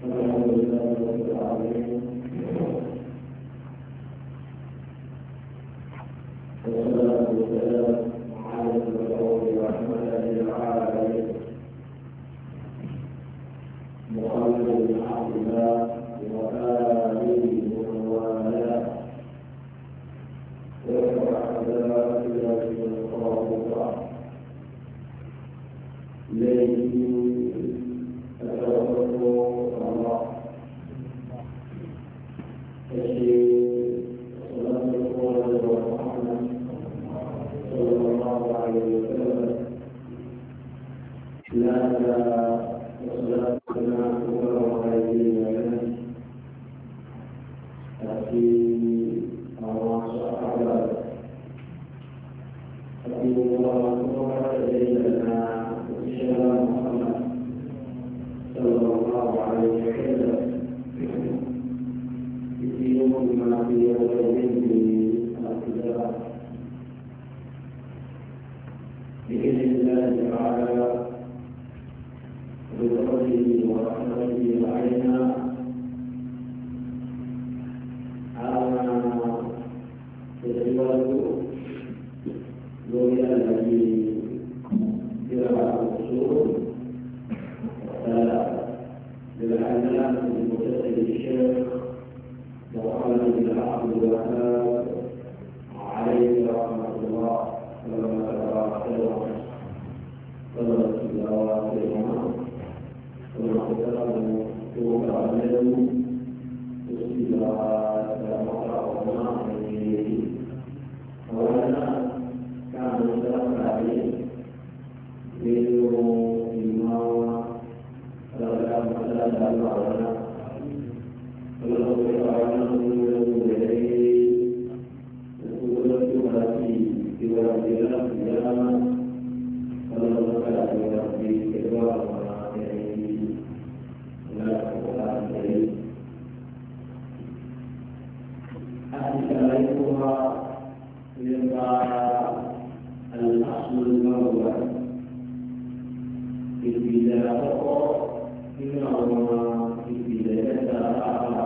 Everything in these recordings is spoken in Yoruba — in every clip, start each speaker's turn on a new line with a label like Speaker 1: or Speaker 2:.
Speaker 1: وقال لعبد الله وقال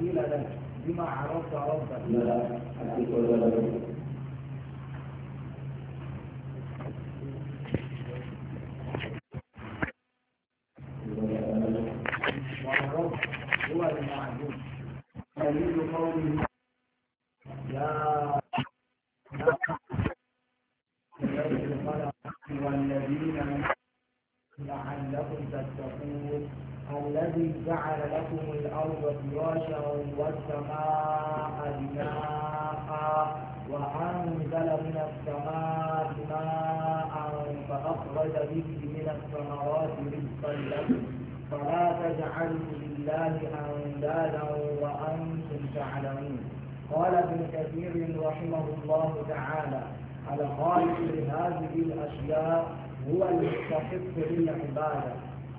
Speaker 1: قيل لك بما عرفت ربك لا لكم الأرض فراشا والسماء بناء وأنزل من السماء ماء فأخرج به من الثمرات رزقا لكم فلا تجعلوا لله أندادا وأنتم تعلمون قال ابن كثير رحمه الله تعالى على الخالق لهذه الأشياء هو المستحق للعبادة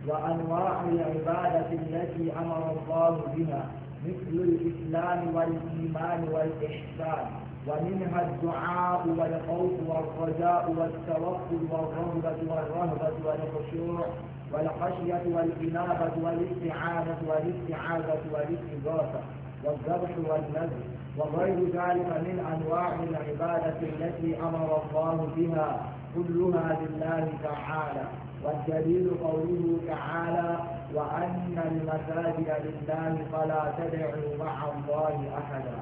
Speaker 1: وأنواع العبادة التي أمر الله بها مثل الإسلام والإيمان والإحسان ومنها الدعاء والخوف والرجاء والتوكل والرهبة والرهبة والخشوع والخشية والإنابة والاستعانة والاستعاذة والاستغاثة والذبح والنذر وغير ذلك من أنواع العبادة التي أمر الله بها كلها لله تعالى والدليل قوله تعالى وأن المساجد لله فلا تدعوا مع الله أحدا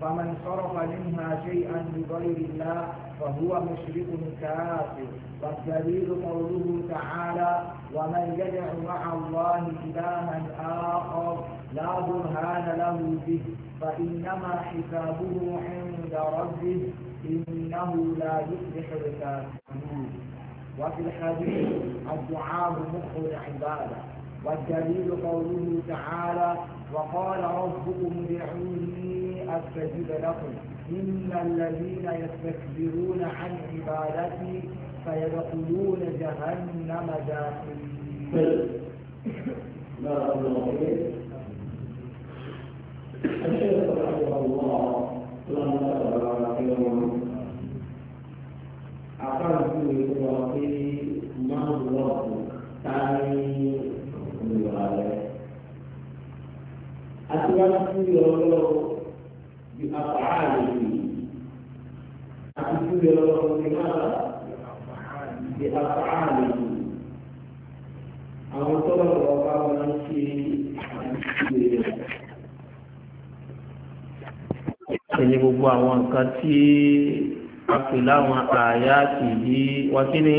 Speaker 1: فمن صرف منها شيئا لغير الله فهو مشرك كافر والدليل قوله تعالى ومن يدع مع الله إلها آخر لا برهان له به فإنما حسابه عند ربه إنه لا يفلح الكافرون وفي الحديث الدعاء مخ العبادة والدليل قوله تعالى وقال ربكم ادعوني أستجب لكم إن الذين يستكبرون عن عبادتي فيدخلون جهنم داخلين. بارك الله فيك. الشيخ رحمه الله لما àfáàlùkù rẹ̀ tó wà pé máa ń lọ ọ̀pọ̀ táyé olùwà rẹ̀. Àtiwájú fún yọ ọlọ́wọ́ bí àfààlù rẹ̀. Àti fún yọ ọlọ́wọ́ bí máa bí wọn ṣe àdúgbò rẹ̀.
Speaker 2: Ṣé gbogbo àwọn nǹkan tí àpèlà àwọn àyà ti yí wọ́n kí ni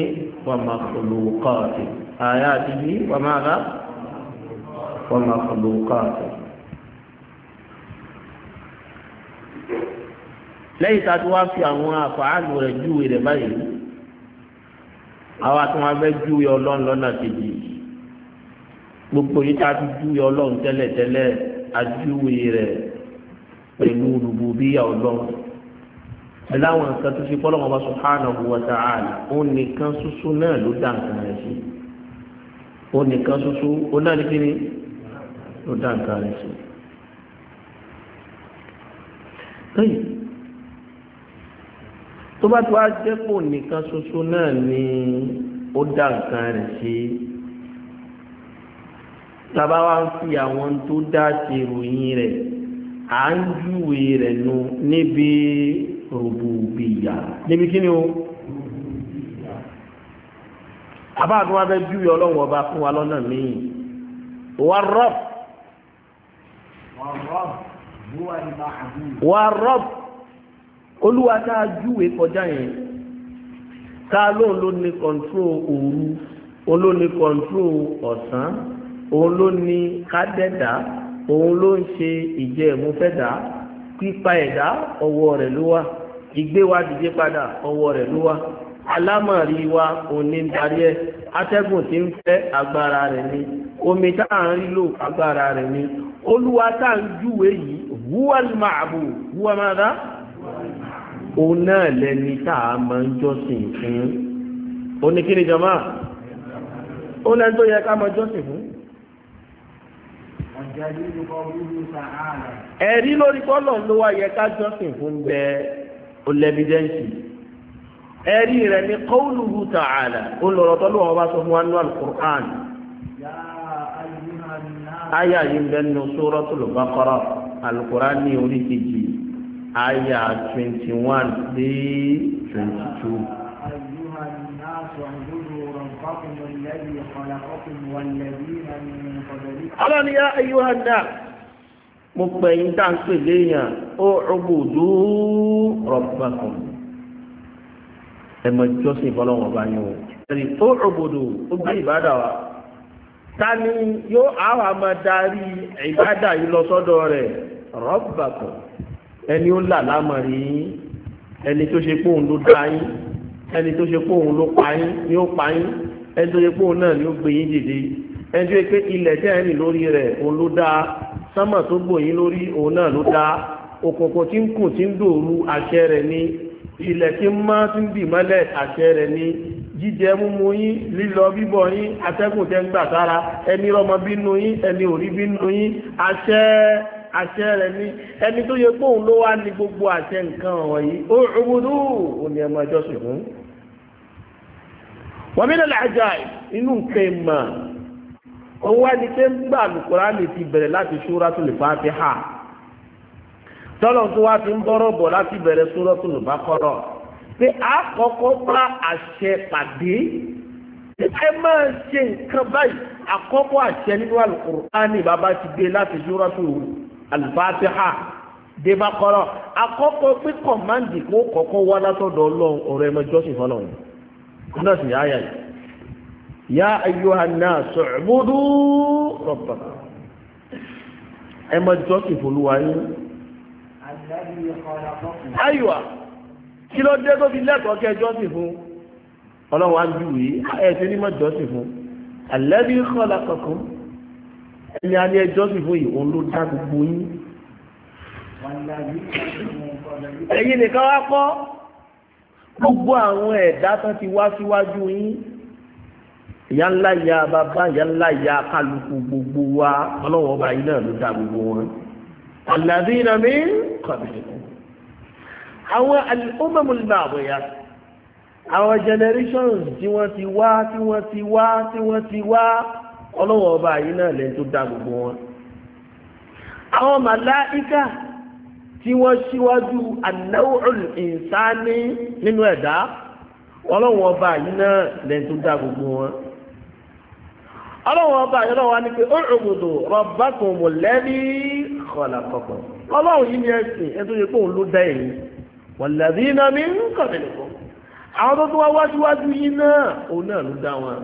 Speaker 2: wọ́n máa kọlù kọ́ọ̀tì àyà ti yí wọ́n máa rà wọ́n máa kọlù kọ́ọ̀tì. lẹ́yìn tá a ti wá fi àwọn àfààlù rẹ̀ júwe rẹ̀ báyìí àwa tí wọ́n fẹ́ júwe ọlọ́run lọ́nà kejì gbogbo yìí tá a ti júwe ọlọ́run tẹ́lẹ̀tẹ́lẹ̀ a rẹ̀ pẹ̀lú rúbùbíyà ọlọ́run pẹ̀lú àwọn nǹkan tó fi pọ́lọ́mọ bá subhanahu wa ta'ala òun nìkan ṣoṣo náà ló dá nǹkan rẹ̀ sí òun nìkan ṣoṣo òun náà ní kíni ló dá nǹkan rẹ̀ sí. tó bá tó wá jẹ́ pò nìkan ṣoṣo náà ni ó dá nǹkan rẹ̀ sí tàbá wá ń fi àwọn tó dá ṣe ròyìn rẹ̀ à ń júwe rẹ̀ nu níbi rububiyya níbi kí ni o àbáàdún wa bẹ júwe ọlọ́run ọba fún wa lọ́nà míì wà rọ́b wà rọ́b olúwa tá a júwe kọjá yẹn tá a lóun ló ní kọ̀ǹtró òru òun ló ní kọ̀ǹtró ọ̀sán òun ló ní kádẹ́dà òun ló ń ṣe ìjẹ́ ìmúfẹ́dà pípa ẹ̀dá ọwọ́ rẹ̀ ló wà ìgbé wa dìde padà ọwọ́ rẹ̀ ló wá alámọ̀rí wa òní ń darí ẹ̀ atẹ́gùn tí ń fẹ́ agbára rẹ̀ ni omi tá à ń rí lò agbára rẹ̀ ni olúwa tá à ń júwe yìí wúwàlùmọ̀ àbò wúwàmọ́ra òun náà lẹni tá a máa ń jọ́sìn fún oníkíni jọmọ́ ó lẹ́ni tó yẹ ká máa jọ́sìn fún ẹ̀rí lórí kọ́lọ̀ ló wá yẹ ká jọ́sìn fún bẹ́ẹ̀ ó lẹ́bídẹ́ǹsì ẹ̀rí rẹ̀ ní qawluhu ta'ala ó lọ́rọ̀ tọ́lú wọn bá sọ fún wa nínú al-Qur'an
Speaker 3: aya yìí ń bẹ
Speaker 2: nínú suratul Baqara al ní orí kejì aya twenty dé twenty Ọlọ́ni yá ayúhàn náà mo pè yín tá ń pè léèyàn ó ubudu rabbakum ẹ mọ jọ́sìn ìbọ́lọ́wọ́ bá yín o ẹ̀rí ó ubudu ó gbé ìbádà wa ta ni yóò àwọn àmọ́ darí ìbádà yìí lọ sọ́dọ̀ rẹ̀ rabbakum ẹni ó là lámọ̀rí ẹni tó ṣe pé òun ló dá yín ẹni tó ṣe pé òun ló pa yín ni ó pa yín ẹni tó ṣe pé náà ni ó gbé yín dìde ẹni tó ṣe pé ilẹ̀ tẹ́ ẹ̀rìn lórí rẹ̀ òun ló dá sánmà tó gbòyìn lórí òun náà ló dá òkùnkùn tí ń kùn tí ń dòru àṣẹ rẹ̀ ni ilẹ̀ tí ń mọ́ tí ń dì mọ́lẹ̀ àṣẹ rẹ̀ ni jíjẹ múmu yín lílọ bíbọ̀ yín atẹ́gùn tẹ́ ń gbà sára ẹni rọmọ bínú yín ẹni òrí bínú yín àṣẹ àṣẹ rẹ̀ ni ẹni tó yẹ pé òun ló wá ní gbogbo àṣẹ nǹkan wọ̀nyí ó rúbudú òní ẹmọ ẹjọ́ sùn fún. wọ́n mi lọ́la inú nǹkan ìmọ̀ òun wá ní pé gbà Al-Kùránì ti bẹ̀rẹ̀ láti Suratul Fatiha tọ́lọ̀ tó wá ti ń bọ́rọ̀ bọ̀ láti bẹ̀rẹ̀ Suratul Baqara pé a kọ́kọ́ bá àṣẹ pàdé ẹ máa ṣe nǹkan báyìí àkọ́kọ́ àṣẹ nínú Al-Kùránì bàbá ti gbé láti Suratul Fatiha débàkọrọ àkọ́kọ́ pé kọmáǹdì kó kọ́kọ́ wá látọ̀dọ̀ Ọlọ́run ọ̀rọ̀ ẹmọ ìjọsìn fọ́lọ́run náà sì yáyà yìí يا أيها الناس اعبدوا ربكم أما جوكي فلوين الذي
Speaker 1: خلقكم أيوة
Speaker 2: كيلو ديكو في الله توكي جوكي فلوين ọlọ́run á ju yìí ẹ̀sìn ní mọ́jọ́sìn fún alladhi khalaqakum ẹni a ní ẹjọ́sìn fún yìí òun ló dá gbogbo yín. ẹ̀yin nìkan wá kọ́ gbogbo àwọn ẹ̀dá tán ti wá síwájú yín ìyá ńlá bàbá ìyá ńlá ìyá gbogbo wa ọlọ́wọ́ ọba yìí náà ló dá gbogbo wọn. àlàdé iná mi kọ̀bìlì àwọn ọmọmọlẹ́bà àwọn generations tí wọ́n ti wá tí wọ́n ti wá tí wọ́n ti wá ọlọ́wọ́ ọba yìí náà lẹ́yìn tó dá gbogbo wọn. àwọn màláìka tí wọ́n ṣíwájú anáwòrán ìsáni nínú ẹ̀dá ọlọ́wọ́ ọba yìí náà lẹ́yìn tó dá gbogbo wọn ọlọ́wọ́ ọba àyọ́lọ́ wa ní pé ó rùmùdù rọ̀bákùn mọ̀lẹ́bí kọ̀làkọ̀kọ̀ ọlọ́run yìí ni ẹ̀sìn ẹ̀tọ́ yẹ pé òun ló dá èyí wọ̀lẹ́bí náà mi ń kọ̀bẹ̀lẹ̀ kọ́ àwọn tó tún wá wájúwájú yìí náà òun náà ló dá wọn.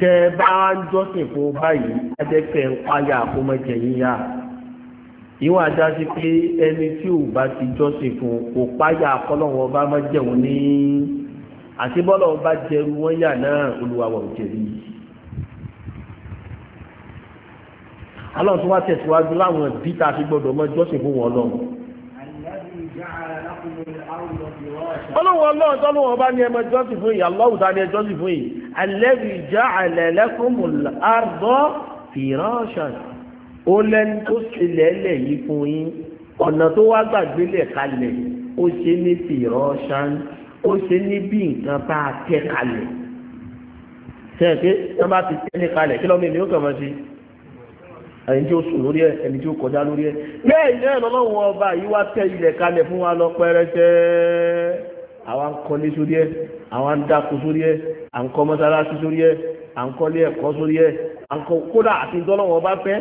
Speaker 2: tẹ bá ń jọ́sìn fún báyìí adẹ́kẹ́ ń payà kó má jẹ yá ìwọ ajá sí pé ẹni tí ò bá ti jọ́sìn fún kò páyà kọ́lọ́wọ́ bá má jẹun ní àti bọ́lọ̀ bá jẹrú wọ́n yà náà olùwàwọ̀ òjèrí
Speaker 1: aláwọ̀tún wá tẹ̀síwájú
Speaker 2: láwọn bíta fi gbọdọ̀ mọ́ jọ́sìn fún wọn lọ́wọ́ ọlọ́wọ́ ọlọ́wọ́ tọ́lọ́wọ́ bá ní ẹmọ jọ́sìn fún yìí aláwọ̀ tá ní ẹ jọ́sìn fún yìí alladhi ja'ala lakumul fún yín ọ̀nà tó wá gbàgbélẹ̀ kalẹ̀ ó ṣe ní firashan ó ṣe ní bí nǹkan bá a tẹ́ kalẹ̀ sẹ́yìn pé wọ́n bá ti tẹ́ ní kalẹ̀ kí lọ́mọ èmi ó kàn mọ́ sí ẹni tí ó sùn lórí ẹ ẹni tí ó kọjá lórí ẹ bẹ́ẹ̀ náà lọ́lọ́run ọba yìí wá tẹ́ ilẹ̀ kalẹ̀ fún wa lọ pẹ́rẹ́tẹ́ àwa ń kọ́lé sórí ẹ àwa ń dáko sórí ẹ à ń kọ́ mọ́sálásí sórí ẹ à ń kọ́lé ẹ̀kọ́ sórí ẹ à ń kọ́ kódà àti dọ́lọ́wọ́ ọba fẹ́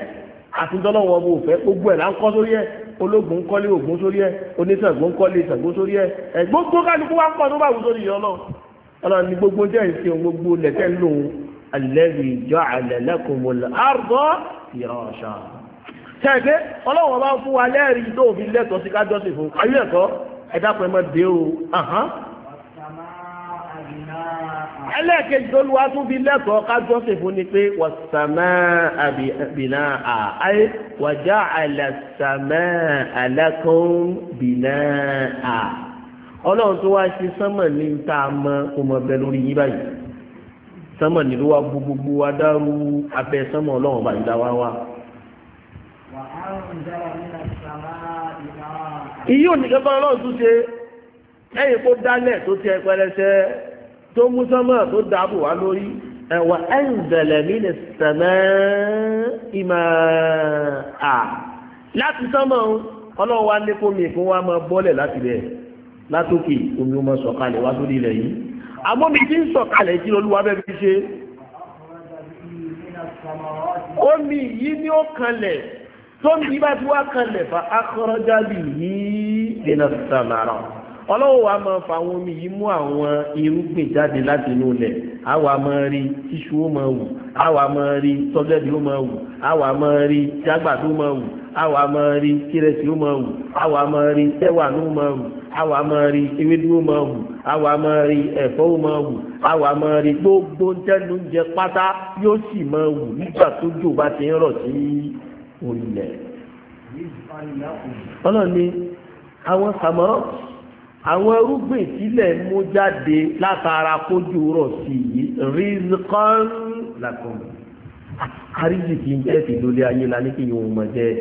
Speaker 2: àti dọ́lọ́wọ́ ọba òfẹ́ gbogbo ẹ̀ là ń kọ́ sórí ẹ ológun kọ́lé ògún sórí ẹ̀ oníṣàngó kọ́lé ìṣàngó sórí ẹ̀ gbogbo kálukú wá ń pọ̀ tó bá wù sórí yọ lọ ọlọ́run ní gbogbo jẹ́ ìṣe ohun gbogbo lẹ́tẹ̀ ń lòun alẹ́rì ìjọ àlẹ́lẹ́kùnmọ́lá àrùbọ́ ìrọ̀ṣà tẹ́gbẹ́ ọlọ́run bá fún wa lẹ́rìí tó fi lẹ́tọ̀ọ́ sí kájọ́sìn fún ayé ẹ̀kọ́ ẹ̀dá pẹ̀mọ́ dé o ẹlẹ́ẹ̀kejì tó lu atúbi lẹ́tọ̀ọ́ kájọ́ sì fún ni pé wàsàmẹ́ àbìnà àáyé wàjá àlàsàmẹ́ àlákùn bìnà à ọlọ́run tó wá ṣe sánmọ̀ ní ta mọ́ kó mọ bẹ lórí yín báyìí sánmọ̀ nílùú wa gbogbogbò wa dárú abẹ sánmọ̀ ọlọ́run báyìí dá wá wá. ìyí ò ní kẹfà ọlọ́run tún ṣe ẹ̀yìn kó dálẹ̀ tó ti ẹ pẹlẹsẹ tó mú sánmà tó dáàbò wá lórí ẹ̀wà ẹ̀ǹdẹ̀lẹ̀ nínú sẹ̀mẹ́ ìmọ̀ à láti sánmà ọlọ́run wá lé fómi kó wá máa bọ́lẹ̀ láti rẹ̀ látòkè omi ó máa sọ̀kalẹ̀ wá sórí ilẹ̀ yìí àmọ́ mi ti ń sọ̀kalẹ̀ tí olúwa bẹ́ẹ̀ fi ṣe omi yìí ni ó kanlẹ̀ tómi bá ti wá kanlẹ̀ fa akọ́rọ́jábì yìí nínú sàmàrà ọlọ́wọ́ wa máa fa àwọn omi yìí mú àwọn irúgbìn jáde láti inú ilẹ̀ àwa máa rí tíṣu ó máa wù àwa máa rí tọ́gẹ́dì ó máa wù àwa máa rí jágbàdo ó máa wù àwa máa rí kírẹ́sì ó máa wù àwa máa rí ẹ̀wà ló máa wù àwa máa rí ewédú ó máa wù àwa máa rí ẹ̀fọ́ ó máa wù àwa máa rí gbogbo tẹ́nu jẹ pátá yóò sì máa wù nígbà tó jò bá ti ń rọ̀ sí orílẹ̀ ọlọ́ni àwọn sàmọ́ àwọn irúgbìn tílẹ̀ mú jáde látara kójú rọ̀ sí i rizqan lakum àríjì kì í jẹ́ tìlólé ayé la ní kí yóò mọ̀ jẹ́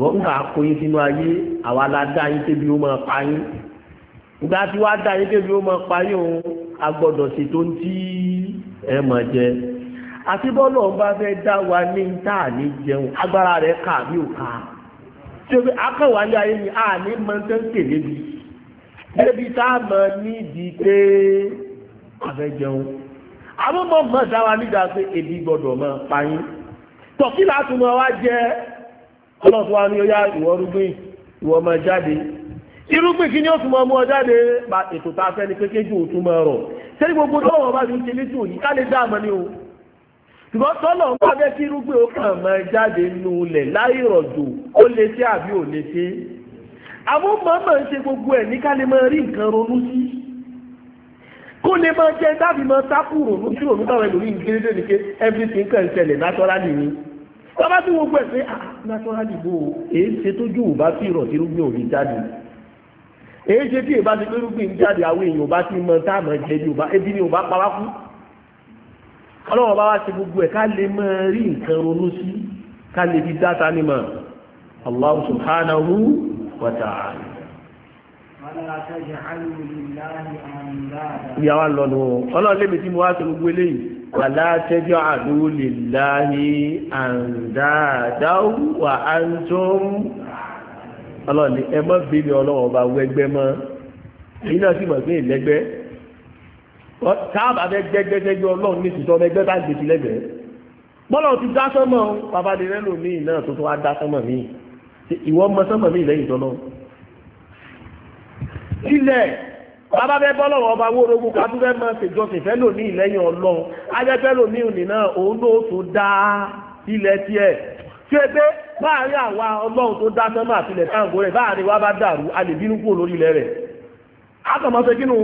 Speaker 2: wọ́n ń kà kó yín sínú ayé àwa la dá yín débi ó máa pa yín ìgbà tí wàá dá yín débi ó máa pa yín o a gbọ́dọ̀ ṣètò ń tí ẹ mọ̀ jẹ́ àti bọ́ọ̀lù ọba fẹ́ dá wa ní tá ní jẹun agbára rẹ̀ kà bí ò ká tí akọ̀wálé ayé ni a ní mọ̀ ń tẹ́ ń tèlé bíi débi tá a mọ̀ níbi pé àfẹ́jẹun àwọn ọmọ mọ̀ dáwà nígbà pé ebi gbọ́dọ̀ mọ̀ payín tọ̀kí láti mọ̀ wá jẹ́ ọlọ́fún wa ní ó yá ìwọ rúgbìn ìwọ ọmọ jáde irúgbìn kí ni ó tún mọ ọmọ jáde bá ètò tá a fẹ́ ni kékeré jù ó tún mọ ọrọ̀ sẹ́ni gbogbo tọ́lọ̀ wọn bá fi ń ṣe létí òyìn ká lè dáàmọ́ ni o ṣùgbọ́n tọ́lọ̀ wọn bá kí irúgbìn ó kàn mọ jáde nulẹ̀ láì rọ̀jò ó lè ṣe àbí ò lè ṣe àwọn mọ̀ọ́mọ̀ ń ṣe gbogbo ẹ̀ ní ká lè máa rí nǹkan ronú sí kó lè máa jẹ́ dábì máa sápò ronú sí ronú táwọn ẹlòmí ń kéré ní pé everything kan ṣẹlẹ̀ naturally ni wọ́n bá tí wọ́n gbẹ̀ pé ah naturally bò ó èé ṣe tójú ò bá sí ìrọ̀tí rúgbìn òní jáde èé ṣe tí èbá ti pé rúgbìn jáde àwọn èèyàn bá ti mọ táàmù ẹ̀jẹ̀ ni ò bá ebi ni ò bá pa wá kú ọlọ́wọ́n bá wá ṣe gbogbo ẹ̀ ká lè máa rí nǹkan ronú sí ká lè fi dáta ní mọ̀ Allah subhanahu وتعالى ìyàwó lọ́nu ọlọ́run lébi tí mo wá sọ gbogbo eléyìí aláàtẹ́jọ́ àdúlè láàyè àǹdáàdáwò wà á ń tó ń ọlọ́run ẹ mọ́ bèbè ọlọ́run ọba wẹgbẹ́ mọ́ èyí náà sì mọ̀ pé ìlẹ́gbẹ́ táàbà fẹ́ gbẹ́gbẹ́gbẹ́ ọlọ́run ní ìsìtọ́ ọmọẹgbẹ́ bá gbèsè lẹ́gbẹ̀ẹ́ ìwọ ọmọ sọ́mọ̀ mi lẹ́yìn tọ́lọ́ ilẹ̀ bàbá fẹ́ bọ́ lọ́wọ́ ọba wórogún ká tún fẹ́ máa ṣèjọsìn fẹ́ lò ní ìlẹ́yìn ọlọ́run ajẹ́fẹ́ lò ní òní náà òun ló tó dá ilẹ̀ tiẹ̀ tí ó pé láàrin àwa ọlọ́run tó dá sọ́mọ̀ àtìlẹ̀ táǹgó rẹ̀ báàrin wa bá dàrú a lè bínú kúrò lórí ilẹ̀ rẹ̀ àtọ̀mọ́ ṣe kínú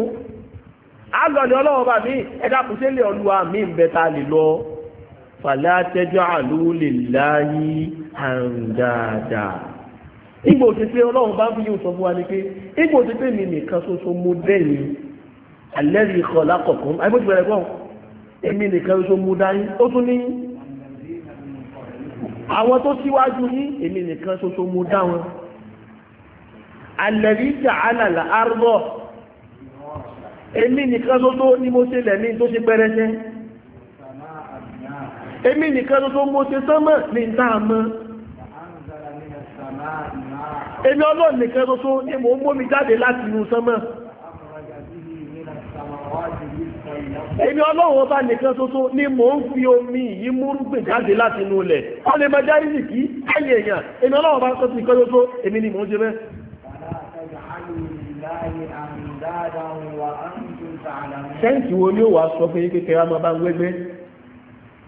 Speaker 2: àlọ́lẹ̀ ọlọ́run bá mi ẹ̀dá kù sí ilé ọlúwa mi ń bẹ ta lè lọ fàlẹ́ àtẹ́jọ́ àlúlè láyé àrùn dáadáa ìgbò ti pé ọlọ́run bá fi yóò sọ fún wa ni pé ìgbò ti pé mi nìkan ṣoṣo mo dẹ́yìn alẹ́rì ikọ̀ lákọ̀ọ̀kan àìbójú bẹ̀rẹ̀ gbọ́n èmi nìkan ṣoṣo mo dáyín ó tún ní
Speaker 3: àwọn tó síwájú ní èmi nìkan ṣoṣo mo dá wọn
Speaker 2: alẹ́rì ìjà alàlà àrùbọ̀
Speaker 3: èmi nìkan ṣoṣo
Speaker 2: ni mo ṣe lẹ̀ ní tó ṣe pẹ́rẹ́ṣẹ́ èmi nìkan ṣoṣo mo ṣe sánmọ̀ ní ìta èmi ọlọ́run nìkan ṣoṣo ni mò ń mómi jáde láti inú sánmọ̀ èmi ọlọ́run ọba nìkan ṣoṣo ni mò ń fi omi yìí múrúgbìn jáde láti inú ilẹ̀ wọ́n lè máa járí nìkí ẹ̀yìn èèyàn èmi ọlọ́run ọba ṣoṣo nìkan ṣoṣo èmi ni mò ń jẹ mẹ́.
Speaker 1: sẹ́ǹtì wo ni ó wàá sọ fún
Speaker 2: yín kékeré á bá ń gbẹ́gbẹ́.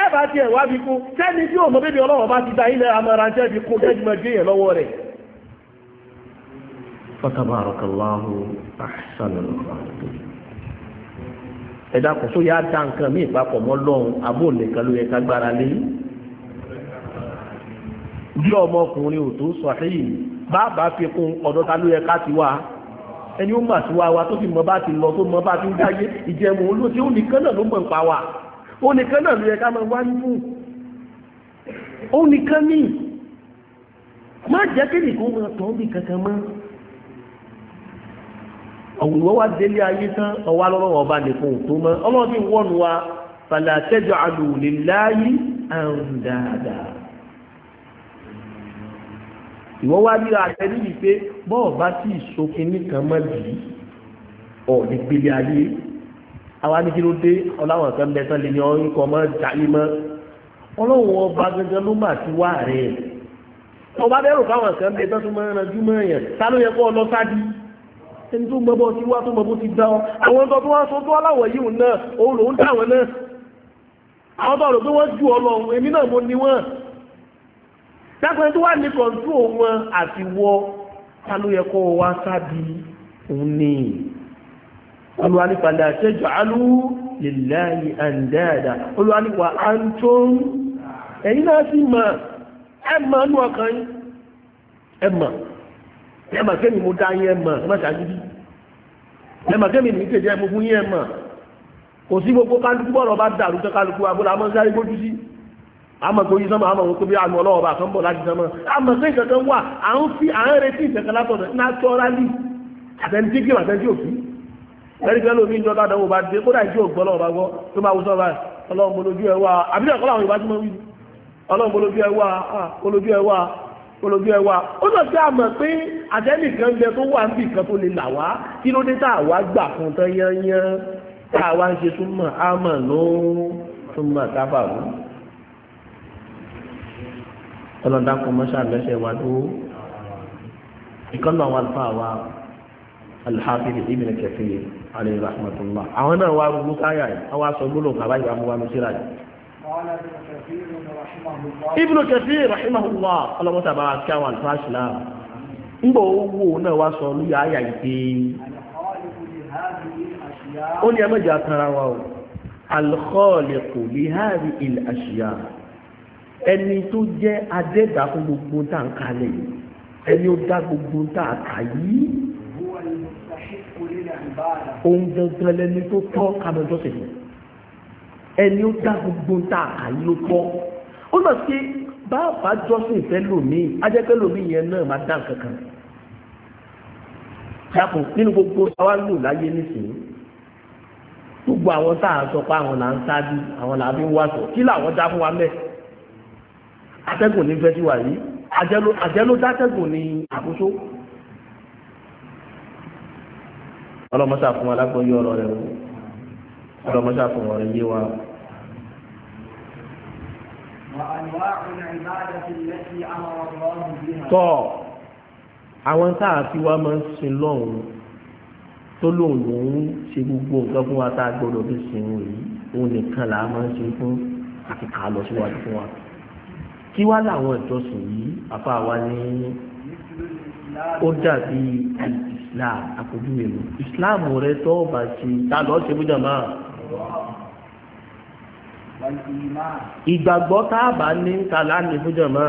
Speaker 2: ẹ̀bà ti ẹ̀wà bí kú sẹ́ni tí òmò bébí ọlọ́wọ̀ bá ti da ilẹ̀ amaranjẹ́ bí kú jẹ́jùmọ̀ gbé yẹn lọ́wọ́ rẹ̀
Speaker 3: fatabarakallahu ahsanul
Speaker 2: ẹni ó mà sí wa tó fi mọ bá ti lọ tó mọ bá ti ń dáyé ìjẹun olóṣèlú nìkan náà ló mọ̀ ń pa wa ó nìkan náà ló yẹ ká máa wá ń dùn ó nìkan ní má jẹ́ kí nìkan máa tọ́ bí kankan mọ́ ọ̀wùwọ́ wá délé ayé tán ọwá lọ́wọ́ ọba nìkan tó mọ́ ọlọ́dún wọ́nu wa fàlà tẹ́jọ àlùlé láyé àrùn dáadáa ìwọ́n wá rí ààrẹ níbi pé bọ́ọ̀ bá sì ìṣókin nìkan mọ́ dì
Speaker 1: ọ̀ nígbélé ayé
Speaker 2: àwa ní kí ló dé ọláwọ̀n kan bẹ tán lè ní ọyún kọ mọ́ jáyé mọ́ ọlọ́run ọba gangan ló mà ti wá rẹ̀ ọba bẹ́rù káwọn kan bẹ tán tó máa ń ranjú mọ́ yẹn ta ló yẹ kó lọ sádi ẹni tó mọ bọ́ ti wá tó mọ bó ti dá ọ àwọn tó tó wá sọ tó aláwọ̀ yìí náà òun lòún dá àwọn náà àwọn bá rò pé wọ́n ju ọlọ́run èmi náà mo ní wọ́n dákùnrin tó wà ní kọ̀ǹtù òun àti wọ ta ló yẹ kó wá sádi òun nìyí olùwànípàdà àtẹ́jọ alú lillahi àndáàdà olùwànípà àntón ẹ̀yìn náà sí ma ẹmà ní ọkàn yìí ẹmà ẹmà kẹ́mi mo dá yín ẹmà ẹmà ṣàgídí ẹmà kẹ́mi ní kéde ẹmọ fún yín ẹmà kò sí gbogbo kálukú bọ́ọ̀rọ̀ bá dàrú tẹ́ kálukú abúlé amọ́ sáré gbójú sí àmọ́ tó yí sọ́mọ́ àmọ́ òun tó bí ọlọ́wọ́ bá kan bọ̀ láti sọ́mọ́ àmọ́ pé ìkankan wà à ń fi à ń retí ìkankan ẹ̀ríkẹ́ lómi ń jọba àdánwò bá dé kódà ìjú ògbọ́ lọ́wọ́ bá gbọ́ tó bá wùsọ́ bá ọlọ́run olójú ẹwà àbílẹ̀ ọ̀kọ́ làwọn ìbájú mọ́ wí ọlọ́run olójú ẹwà olójú ẹwà olójú ẹwà ó sọ pé a mọ̀ pé àtẹ́nì kan ń bẹ tó wà níbi kan tó lè là wá kí ló dé tá a wá gbà fún tán yányán tá a wá ń ṣe súnmọ̀ á mọ̀ ló súnmọ̀ tábà wù. ọlọ́dà kan mọ́ṣáà lẹ́sẹ̀ wá tó ìkànnì àwọn àlùfáà wa alhafiz ibn kathir alayhi rahmatullah àwọn náà wá rúgbó káyà yìí àwọn aṣọ gbólóhùn kàbá ìwà mú wa lọ síra yìí.
Speaker 1: ibn kathir rahimahullah
Speaker 2: ọlọ́mọta bá wa kí àwọn àlùfáà ṣìlá ńgbà owó náà wá sọ lóyè àyà yìí pé ó ní ẹmẹ́jà tara wa o alkhaliqu li hadhihi al-ashya ẹni tó jẹ́ adẹ́dà fún gbogbo tá à ń ẹni ó dá gbogbo tá à kà yìí òun gangan lẹni tó tọ́ kámẹ́jọ́ tẹ̀lé ẹni ó dá gbogbo ń ta àyè ló tọ́ ó lọ sí báàbá jọ́sìn ìfẹ́ lòmíì ajẹ́pẹ́ lòmíì yẹn náà máa dá nǹkan kan yàtọ̀ nínú gbogbo àwa lò láyé nísìnyí gbogbo àwọn tá a ń sọ pé àwọn là ń sáájú àwọn là ń fi wá sọ kí làwọn dá fún wa mẹ́ atẹ́gùn ní fẹ́síwá yìí àjẹ́ ló dá atẹ́gùn ní àkóso ọlọ́mọṣà fún wa lágbóyé ọ̀rọ̀ rẹ̀ ọlọ́mọṣà fún ọ̀rọ̀ yé wa. tọ́ àwọn tá a fi wá máa ń sin lọ́hùn tó lóun lòún ṣe gbogbo nǹkan fún wa tá a gbọ́dọ̀ fi sin òun yìí òun nìkan là á máa ń ṣe fún àti lọ síwájú fún wa kí wá láwọn ìjọsìn yìí àfa wa ní ó dàbí náà àpèjúwe lò islam rẹ tó bá ṣe ta lọ ṣe mú jàmbá. ìgbàgbọ́ tá a bá ní ta lánìí fún jàmbá.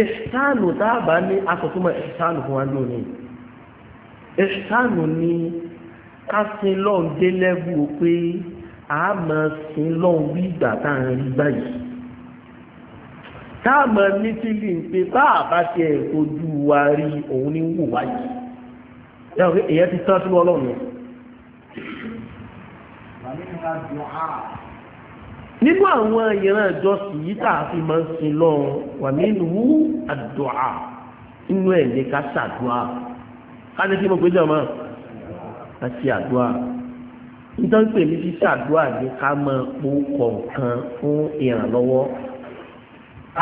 Speaker 2: ìṣàánù tá a bá ní akọ̀túnmọ̀ ìṣàánù fún wa lónìí. ìṣàánù ni ká sin lọ́n dé pé a máa sin lọ́n ìgbà tá à rí báyìí táàmù ní tí lè ń pe bá àbá ti ẹ̀ ojú wa rí òun ní wù wáyé èyẹ ti tán sínú ọlọ́run nínú àwọn ìran ìjọsìn yìí tá a fi máa ń sin lọ́run wà nínú àdúà inú ẹ̀ ní ká ṣàdúà ká ní kí mo gbé jọ̀ mọ́ ká ṣe àdúà nítorí pé ní ṣíṣàdúà ní ká máa po kọ̀ọ̀kan fún ìrànlọ́wọ́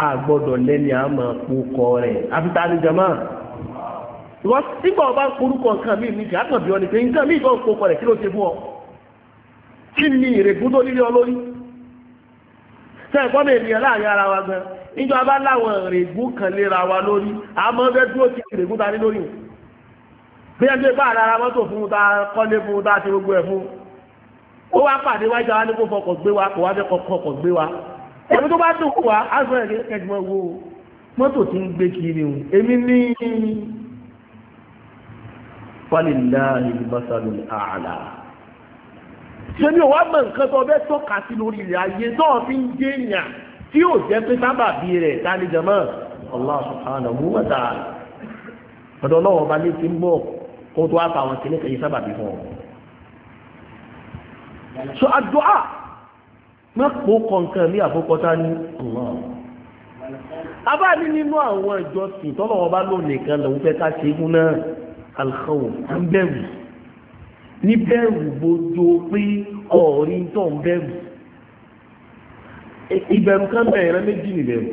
Speaker 2: a gbọ́dọ̀ lẹ́ni àmọ́ kókọ rẹ̀ àfitá ni jama wọ́n sígbà ọba orúkọ nǹkan mi nìkan àkànbí ọ ni pé nǹkan mi ìbọn kókọ rẹ̀ kí ló ṣe fún ọ kí ni ìrègùn tó nílé ọlórí sẹ́ẹ̀kọ́ mi ènìyàn láàrin ara wa gan níjọ abá láwọn ìrègùn kan léra wa lórí àmọ́ bẹ́ẹ̀ dúró ti ìrègùn ta ní lórí o bí ẹni bá ara mọ́tò fún ta kọ́lé fún ta ṣe gbogbo ẹ̀ fún ó wá pàdé wájú àwọn ẹni kó fọkọ̀ gbé wa kò wá fẹ́ kọ́kọ́ gbé wa ẹ̀mí tó bá dùn kù wá á sọ ẹ̀kẹ́ kẹ́kẹ́ wo mọ́tò tí ń gbé kiri hùn èmi ní falilahi masalu ala ṣe ni òwá mọ̀ nǹkan tó ọbẹ̀ tọ́ka sí lórí ilẹ̀ ayé náà fi ń jẹ́ èèyàn tí yóò jẹ́ pé sábàbí rẹ̀ tani jama Allah mẹ́pọ̀ kọ̀ǹkan ní àfọ́kọ́tá ní ọ̀rọ̀ abá ní nínú àwọn ìjọ sì tọ́lọ̀wọ́ bá lò nìkan lòun fẹ́ ká ṣe fún náà alkhawf ń bẹ̀rù ní bẹ̀rù gbójó pé ọ̀rí tó ń bẹ̀rù ìbẹ̀rù kan bẹ̀ ẹ̀rẹ́ méjì nìbẹ̀rù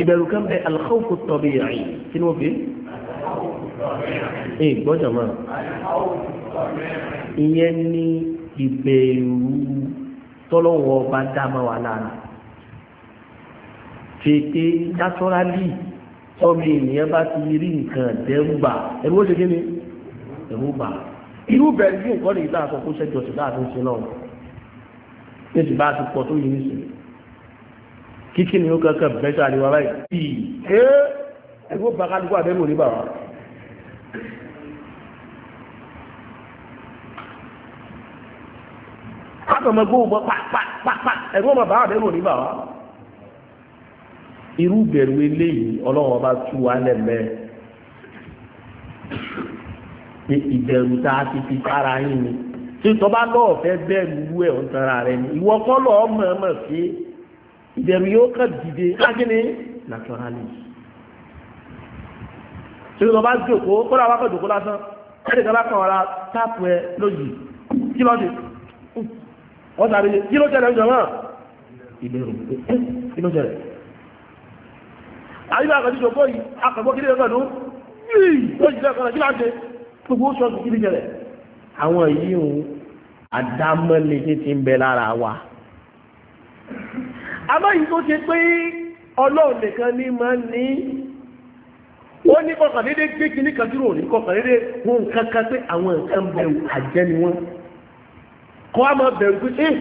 Speaker 2: ìbẹ̀rù kan bẹ̀ alkhawf tabi'i kí ni wọ́n fi ẹ̀ gbọ́dọ̀ máa ìyẹn ní ìbẹ̀rù tọ́lọ́wọ́ bá dá mọ́ wa lára tètè dátọ́rálì ọmọ ènìyàn bá ti rí nǹkan dẹ́rùbà ẹ̀rú ó ṣe kí ni dẹ́rùbà irú bẹ̀rẹ̀ sí nǹkan nìyí láàtọ̀ kó ṣẹ́jọ sí láàtọ̀ ṣe náà ní ti bá ti pọ̀ tó yìí nísìnyí kíkí ni ó kankan bẹ́sà ni wàá báyìí ẹ̀ ẹ̀rú ó bá kálukú àbẹ́mọ̀ ní bàbá àtọ̀mọ̀ gbóhùn bọ́ pàpàpàpà ẹ̀rú ọmọ bàbá àbẹ̀rù òní bàbá irú bẹ̀rù eléyìí ọlọ́run ọba tú wa lẹ́mẹ́ ṣe ìbẹ̀rù tá a ti fi sára yín ni ṣé tọ́ba lọ́ọ̀ fẹ́ bẹ́ẹ̀rù wú ẹ̀ ń tara rẹ ni ìwọ kọ́ lọ́ọ́ mọ̀ ọ́ mọ̀ sí ìbẹ̀rù yóò kàn dìde lágínní naturally ṣé tọ́ba jòkó kó lọ́ọ́ wá kàn jòkó lásán ẹ̀ẹ́dẹ̀ká bá kàn wọ́n la kí lọ́ọ́ wọ́n sáré kí ló jẹ́rẹ̀ ìjọba
Speaker 1: ìbẹ̀rù kí ló jẹ́rẹ̀
Speaker 2: àyíká àkàtí ìjọba yìí akàgbọ́ kí ló jẹ́rẹ̀ ló yìí lọ́jọ́ kí láti gbogbo ó sọ́ọ̀tù kí ló jẹ́rẹ̀ àwọn yìí ń àdámọ́lé tí ti ń bẹ lára wa àmọ́ yìí tó ṣe pé ọlọ́run nìkan ní máa ń ní ó ní kọkànlédé gbé kí ní kan dúró ní kọkànlédé wọn kankan pé àwọn nǹkan bẹ̀rù àjẹ́ ni wọ́n kọ́ á máa bẹ̀rù pé ẹ́ eh,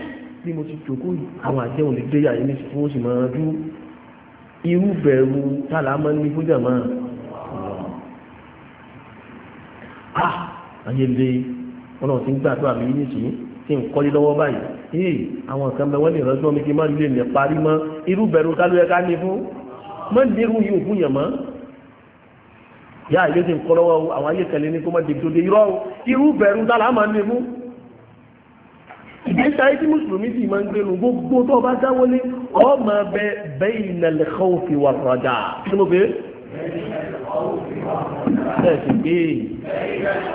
Speaker 2: bí mo ti jòkó àwọn àjẹun lè gbéyà yìí níṣẹ́ fún oṣù máa dú irú bẹ̀rù tààlà máa ní fún jàmá ah ayé lè ọlọ́run ti ń gbàdúrà mi níṣẹ́ tí ń kọ́lé lọ́wọ́ báyìí ee eh, àwọn nǹkan bẹ wọ́n lè rọ́jọ́ mi kí n má lè lè parí mọ́ irú bẹ̀rù ká ló yẹ ká ní fún má ní irú yìí òkú yàn mọ́ yá ayé ti ń kọ́ lọ́wọ́ àwọn ayé kẹlẹ́ ní kó má dé irú bẹ̀rù tààlà máa ní fún. ìgbésí ayé tí mùsùlùmí sì máa ń gbé nu gbogbo tó bá dáwọlé ọmọ bẹ bẹ́yìn al khawfi wà rọjà. kí ló bẹ. bẹ́ẹ̀
Speaker 3: sì gbé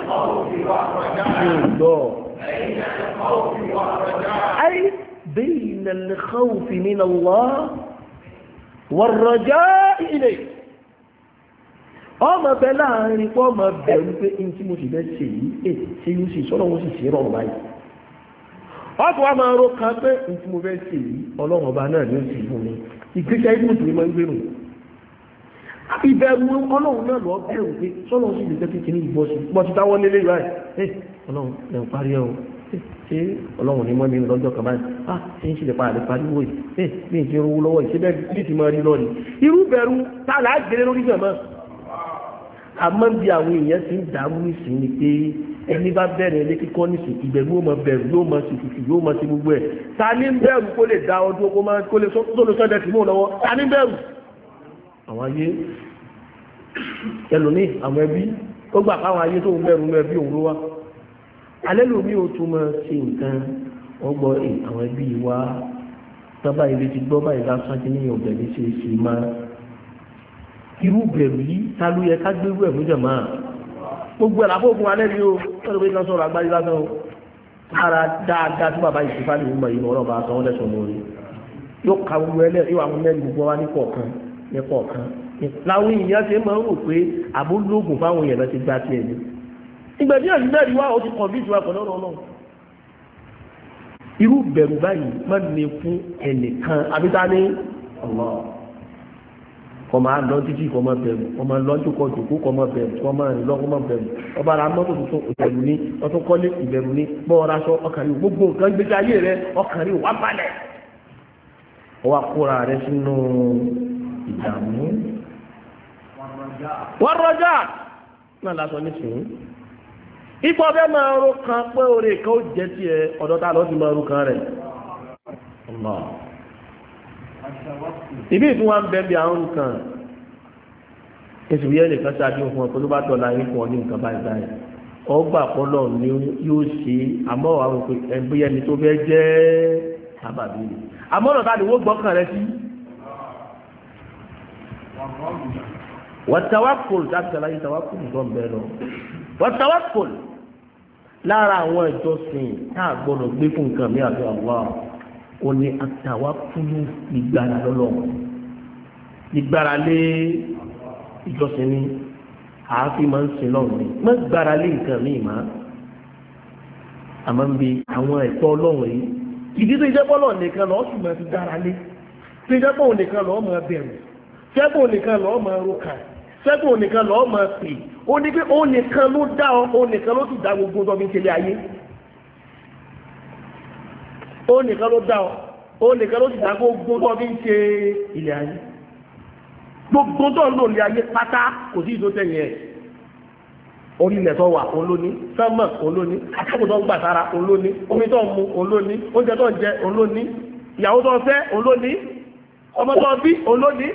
Speaker 3: yóò gbọ́. ayé
Speaker 2: bẹ́yìn al mí nà wá wà rọjà ilé. ọmọ bẹ láàrin kọ́ ọmọ bẹ̀rù wípé ntí mo sì bẹ́ ṣe ẹ ṣe yìí sì sọ́nà wọn sì ṣe rọrùn báyìí. ọ̀tún wa máa ro kan pé nǹkan mo fẹ́ ṣe yìí ọlọ́run ọba náà ló ń ṣe fún mi ìgbésẹ̀ ibùdó ni mo ń gbèrò ìbẹ̀rù ọlọ́run náà lọ bẹ̀rù pé sọ́lọ́ sí ìgbésẹ̀ kékeré ìbọ̀ sí bọ́ ti táwọn lélẹ̀ yóò ẹ̀ ọlọ́run lè parí ẹ̀ o ṣé ọlọ́run ní mọ́mí lọ́jọ́ kan báyìí á ṣe ń ṣe lè pa àlè pariwo yìí ẹ̀ bí ìṣe owó lọ́wọ́ ìṣe bẹ́ẹ̀ bí ti máa rí lọ́ọ̀rì irú bẹ̀rù tá àmọ́ bí àwọn èèyàn ti ń dààmú ìsìn ni pé ẹni bá bẹ̀rẹ̀ ilé kíkọ́ nísìn ìbẹ̀rù yóò mọ bẹ̀rù yóò mọ sí tutù yóò mọ sí gbogbo ẹ̀ ta ní bẹ̀rù kó lè da ọdún kó máa kó lè tó lè sọ́dẹ̀ tì mọ́ lọ́wọ́ ta ní bẹ̀rù. àwọn ayé ẹlòmíì àwọn ẹbí ó gbà káwọn ayé tó ń bẹ̀rù ní ẹbí òun ló wá alẹ́ lómi ò tún mọ sí nǹkan ọgbọ́n àwọn ẹbí wa tọ́ báyìí lè ti gbọ́ báyìí lásán kí ní ọ̀gbẹ̀ irú bẹ̀rù yìí ta ló yẹ ká gbérú ẹ̀ mújẹ̀ máa gbogbo ẹ̀ lábọ́ ògùn alẹ́ rí o lọ́dọ̀ pé lọ́sọ̀rọ̀ agbáyé lásán o ara dáadáa tí bàbá ìṣèfà ní ìmọ̀ yìí lọ́rọ̀ bá sọ ọ́ lẹ́sọ̀ mọ́ rí yóò ka gbogbo ẹlẹ́ yóò àwọn mẹ́rin gbogbo wa ní kọ̀ọ̀kan ní kọ̀ọ̀kan láwọn èèyàn ṣe máa ń rò pé àbólógùn fáwọn èèyàn lọ́ti gbá tiẹ̀ ni ìgbà tí òṣìṣẹ́ bẹ́ẹ̀ ni wá o ti kọ̀ọ̀bí ìtura pẹ̀lú ọ̀rọ̀ Allah kọma máa lọ títí kọ́ máa bẹ̀rù kọ́ máa lọ́jọ́ kọ́ jòkó máa bẹ̀rù máa rìn ni ọtún kọ́lé ìbẹ̀rù ni bọ́ọ̀rọ̀ aṣọ ọkàn rí gbogbo nǹkan gbèsè ayé rẹ ọkàn rí wà balẹ̀ ọwọ́ akóra rẹ sínú ìdààmú. wọ́n náà lásán nísìnyí ipò ọbẹ̀ máa ro kan pé kan ó jẹ́ ibi ìtún wa ń bẹ́ẹ̀ bí àwọn nǹkan èsì yẹn lè fẹsẹ̀ àdéhùn fún ọ pé ló bá dọ̀la yín fún ọ ní nǹkan báyìí báyìí ọgbà pọlọ ni yóò ṣe àmọ́ àwọn òpè ẹgbẹ́ ẹni tó fẹ́ jẹ́ àbàbí rẹ̀ àmọ́ ọ̀nà táà lè wó gbọ́kàn rẹ sí. wàtàwákùl dákàlá yìí tàwákùl nǹkan bẹ́ẹ̀ lọ wàtàwákùl lára àwọn ìjọsìn tá a gbọ́dọ̀ gbé fún nǹkan mi àti àwọn àwọn o ní àtàwákúlù ìgbàlá lọ́lọ́ ìgbàlá lé ìjọsìn ni àáfi máa ń sin lọ́rùn ni má gbára lé nǹkan míì má àmọ́ ń bi àwọn ẹ̀tọ́ ọlọ́run yìí ìdí tó ìjẹ́pọ̀ ọlọ́run nìkan lọ́ọ́ sì máa fi gbára lé tó ìjẹ́pọ̀ òun nìkan lọ́ọ́ máa bẹ̀rù ìjẹ́pọ̀ òun nìkan lọ́ọ́ máa roka ìjẹ́pọ̀ òun nìkan lọ́ọ́ máa pè ó ní pé òun nìkan ló dá ọ nìkan ló sì dá gbogbo ọdọ́ ó nìkan ló dá ọ ó nìkan ló sì dá gbogbo tó fi ń ṣe ilẹ̀ ayé gbogbo tó ń lò ní ayé pátá kò sí ìdó tẹ̀yìn ẹ̀ orílẹ̀ tó wà olóní sánmọ̀ olóní akẹ́kọ̀ọ́ tó ń gbà sára olóní omi tó ń mu olóní oúnjẹ tó ń jẹ olóní ìyàwó tó ń fẹ́ olóní ọmọ tó ń bí olóní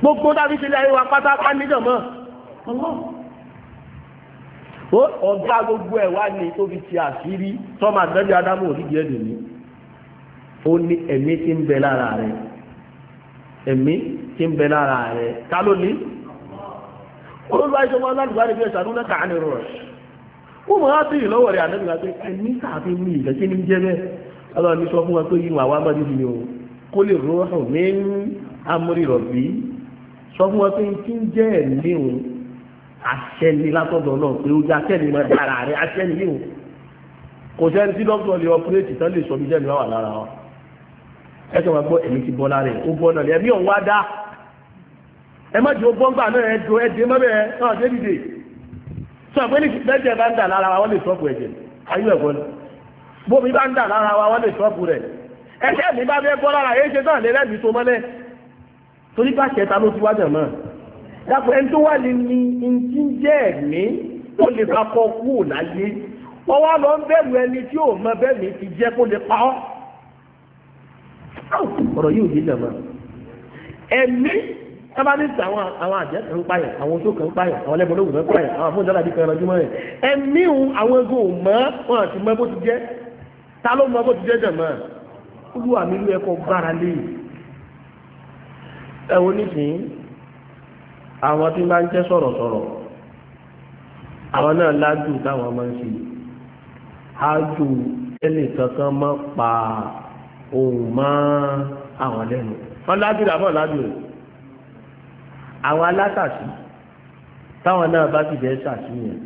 Speaker 2: gbogbo tó fi ṣe ilé ayé wa pátá ká mọ́ ọlọ́run ọ̀gá gbogbo ẹ̀ wá ní tó fi ti àṣírí tọ́mà dájú adámù òdìdí ẹ̀ lòní ó ní ẹ̀mí tí ń bẹ lára rẹ̀ ẹ̀mí tí ń bẹ lára rẹ̀ ta ló ní olóòlù àìsàn wọn lálùbá rẹ̀ bí ẹ̀sà ló lẹ́ka àánú rẹ̀ ó mọ̀ á bèèrè lọ́wọ́ rẹ̀ àdébìlá pé ẹ̀mí tàbí mi ìfẹ́ kí ni jẹ́ bẹ́ẹ̀ ọlọ́run ní sọ fún wa pé yìí wà wá mọ́ ni o àṣẹni látọ̀dọ̀ náà pé ojú àṣẹni máa dára rẹ àṣẹni yìí kò sẹ́ni tí dókítà lè ọpúrẹ́tì tán lè sọ bí sẹ́ni wà lára wa ẹ sọ ma gbọ́ èmi ti bọ́ lára ẹ̀ ó bọ́ náà ẹ̀mí ọ̀hún wá dá ẹ má jẹ́ ó bọ́ ńgbà náà ẹ do ẹ dé mọ́bẹ̀ ẹ náà dé dìde sọ pé ní bẹ́ẹ̀jẹ̀ bá ń dà lára wa wọ́n lè sọ́ọ̀pù ẹ̀jẹ̀ ayé ẹ̀kọ́ ni bómi bá ń dà lára wa wọ́n lè sọ́ọ̀pù rẹ̀ ẹ̀ṣẹ́ mi bá fẹ́ bọ́ lára yéé ṣe náà lé rẹ́mi tó mọ́lẹ̀ torí bá ṣẹta ló ti wájà náà dàpọ̀ ẹni tó wà ní ní ti ń jẹ́ ẹ̀mí ó lè bá kọ́ kú láyé ọwọ́ lọ ń bẹ̀rù ẹni tí ò mọ bẹ́ẹ̀ mi ti jẹ́ kó lè pa ọ́ ọ̀rọ̀ yóò yé jàmá ẹ̀mí tábà ní sọ àwọn àwọn àjẹ́ kan ń payà àwọn oṣù kan ń payà àwọn ẹlẹ́bọn olóògùn kan ń payà àwọn afọ́njọ́ làbí kan rọjúmọ́ rẹ̀ ẹ̀mí àwọn egun ò mọ́ wọn àti mọ́ bó ti jẹ́ ta ló mọ́ bó ti jẹ́ jàmá olúwa mi ló ẹ̀kọ́ gbára lé ẹ̀wọ̀n nísìnyí àwọn tí máa ń jẹ́ sọ̀rọ̀sọ̀rọ̀ àwọn náà lájú táwọn máa ń ṣe ájú ẹnì kankan máa pa ohun mọ́ àwọn lẹ́nu wọ́n lájú làbọ̀ lájú rẹ̀ àwọn alátàsí táwọn náà bá ti bẹ́ẹ̀ ṣàṣìyàn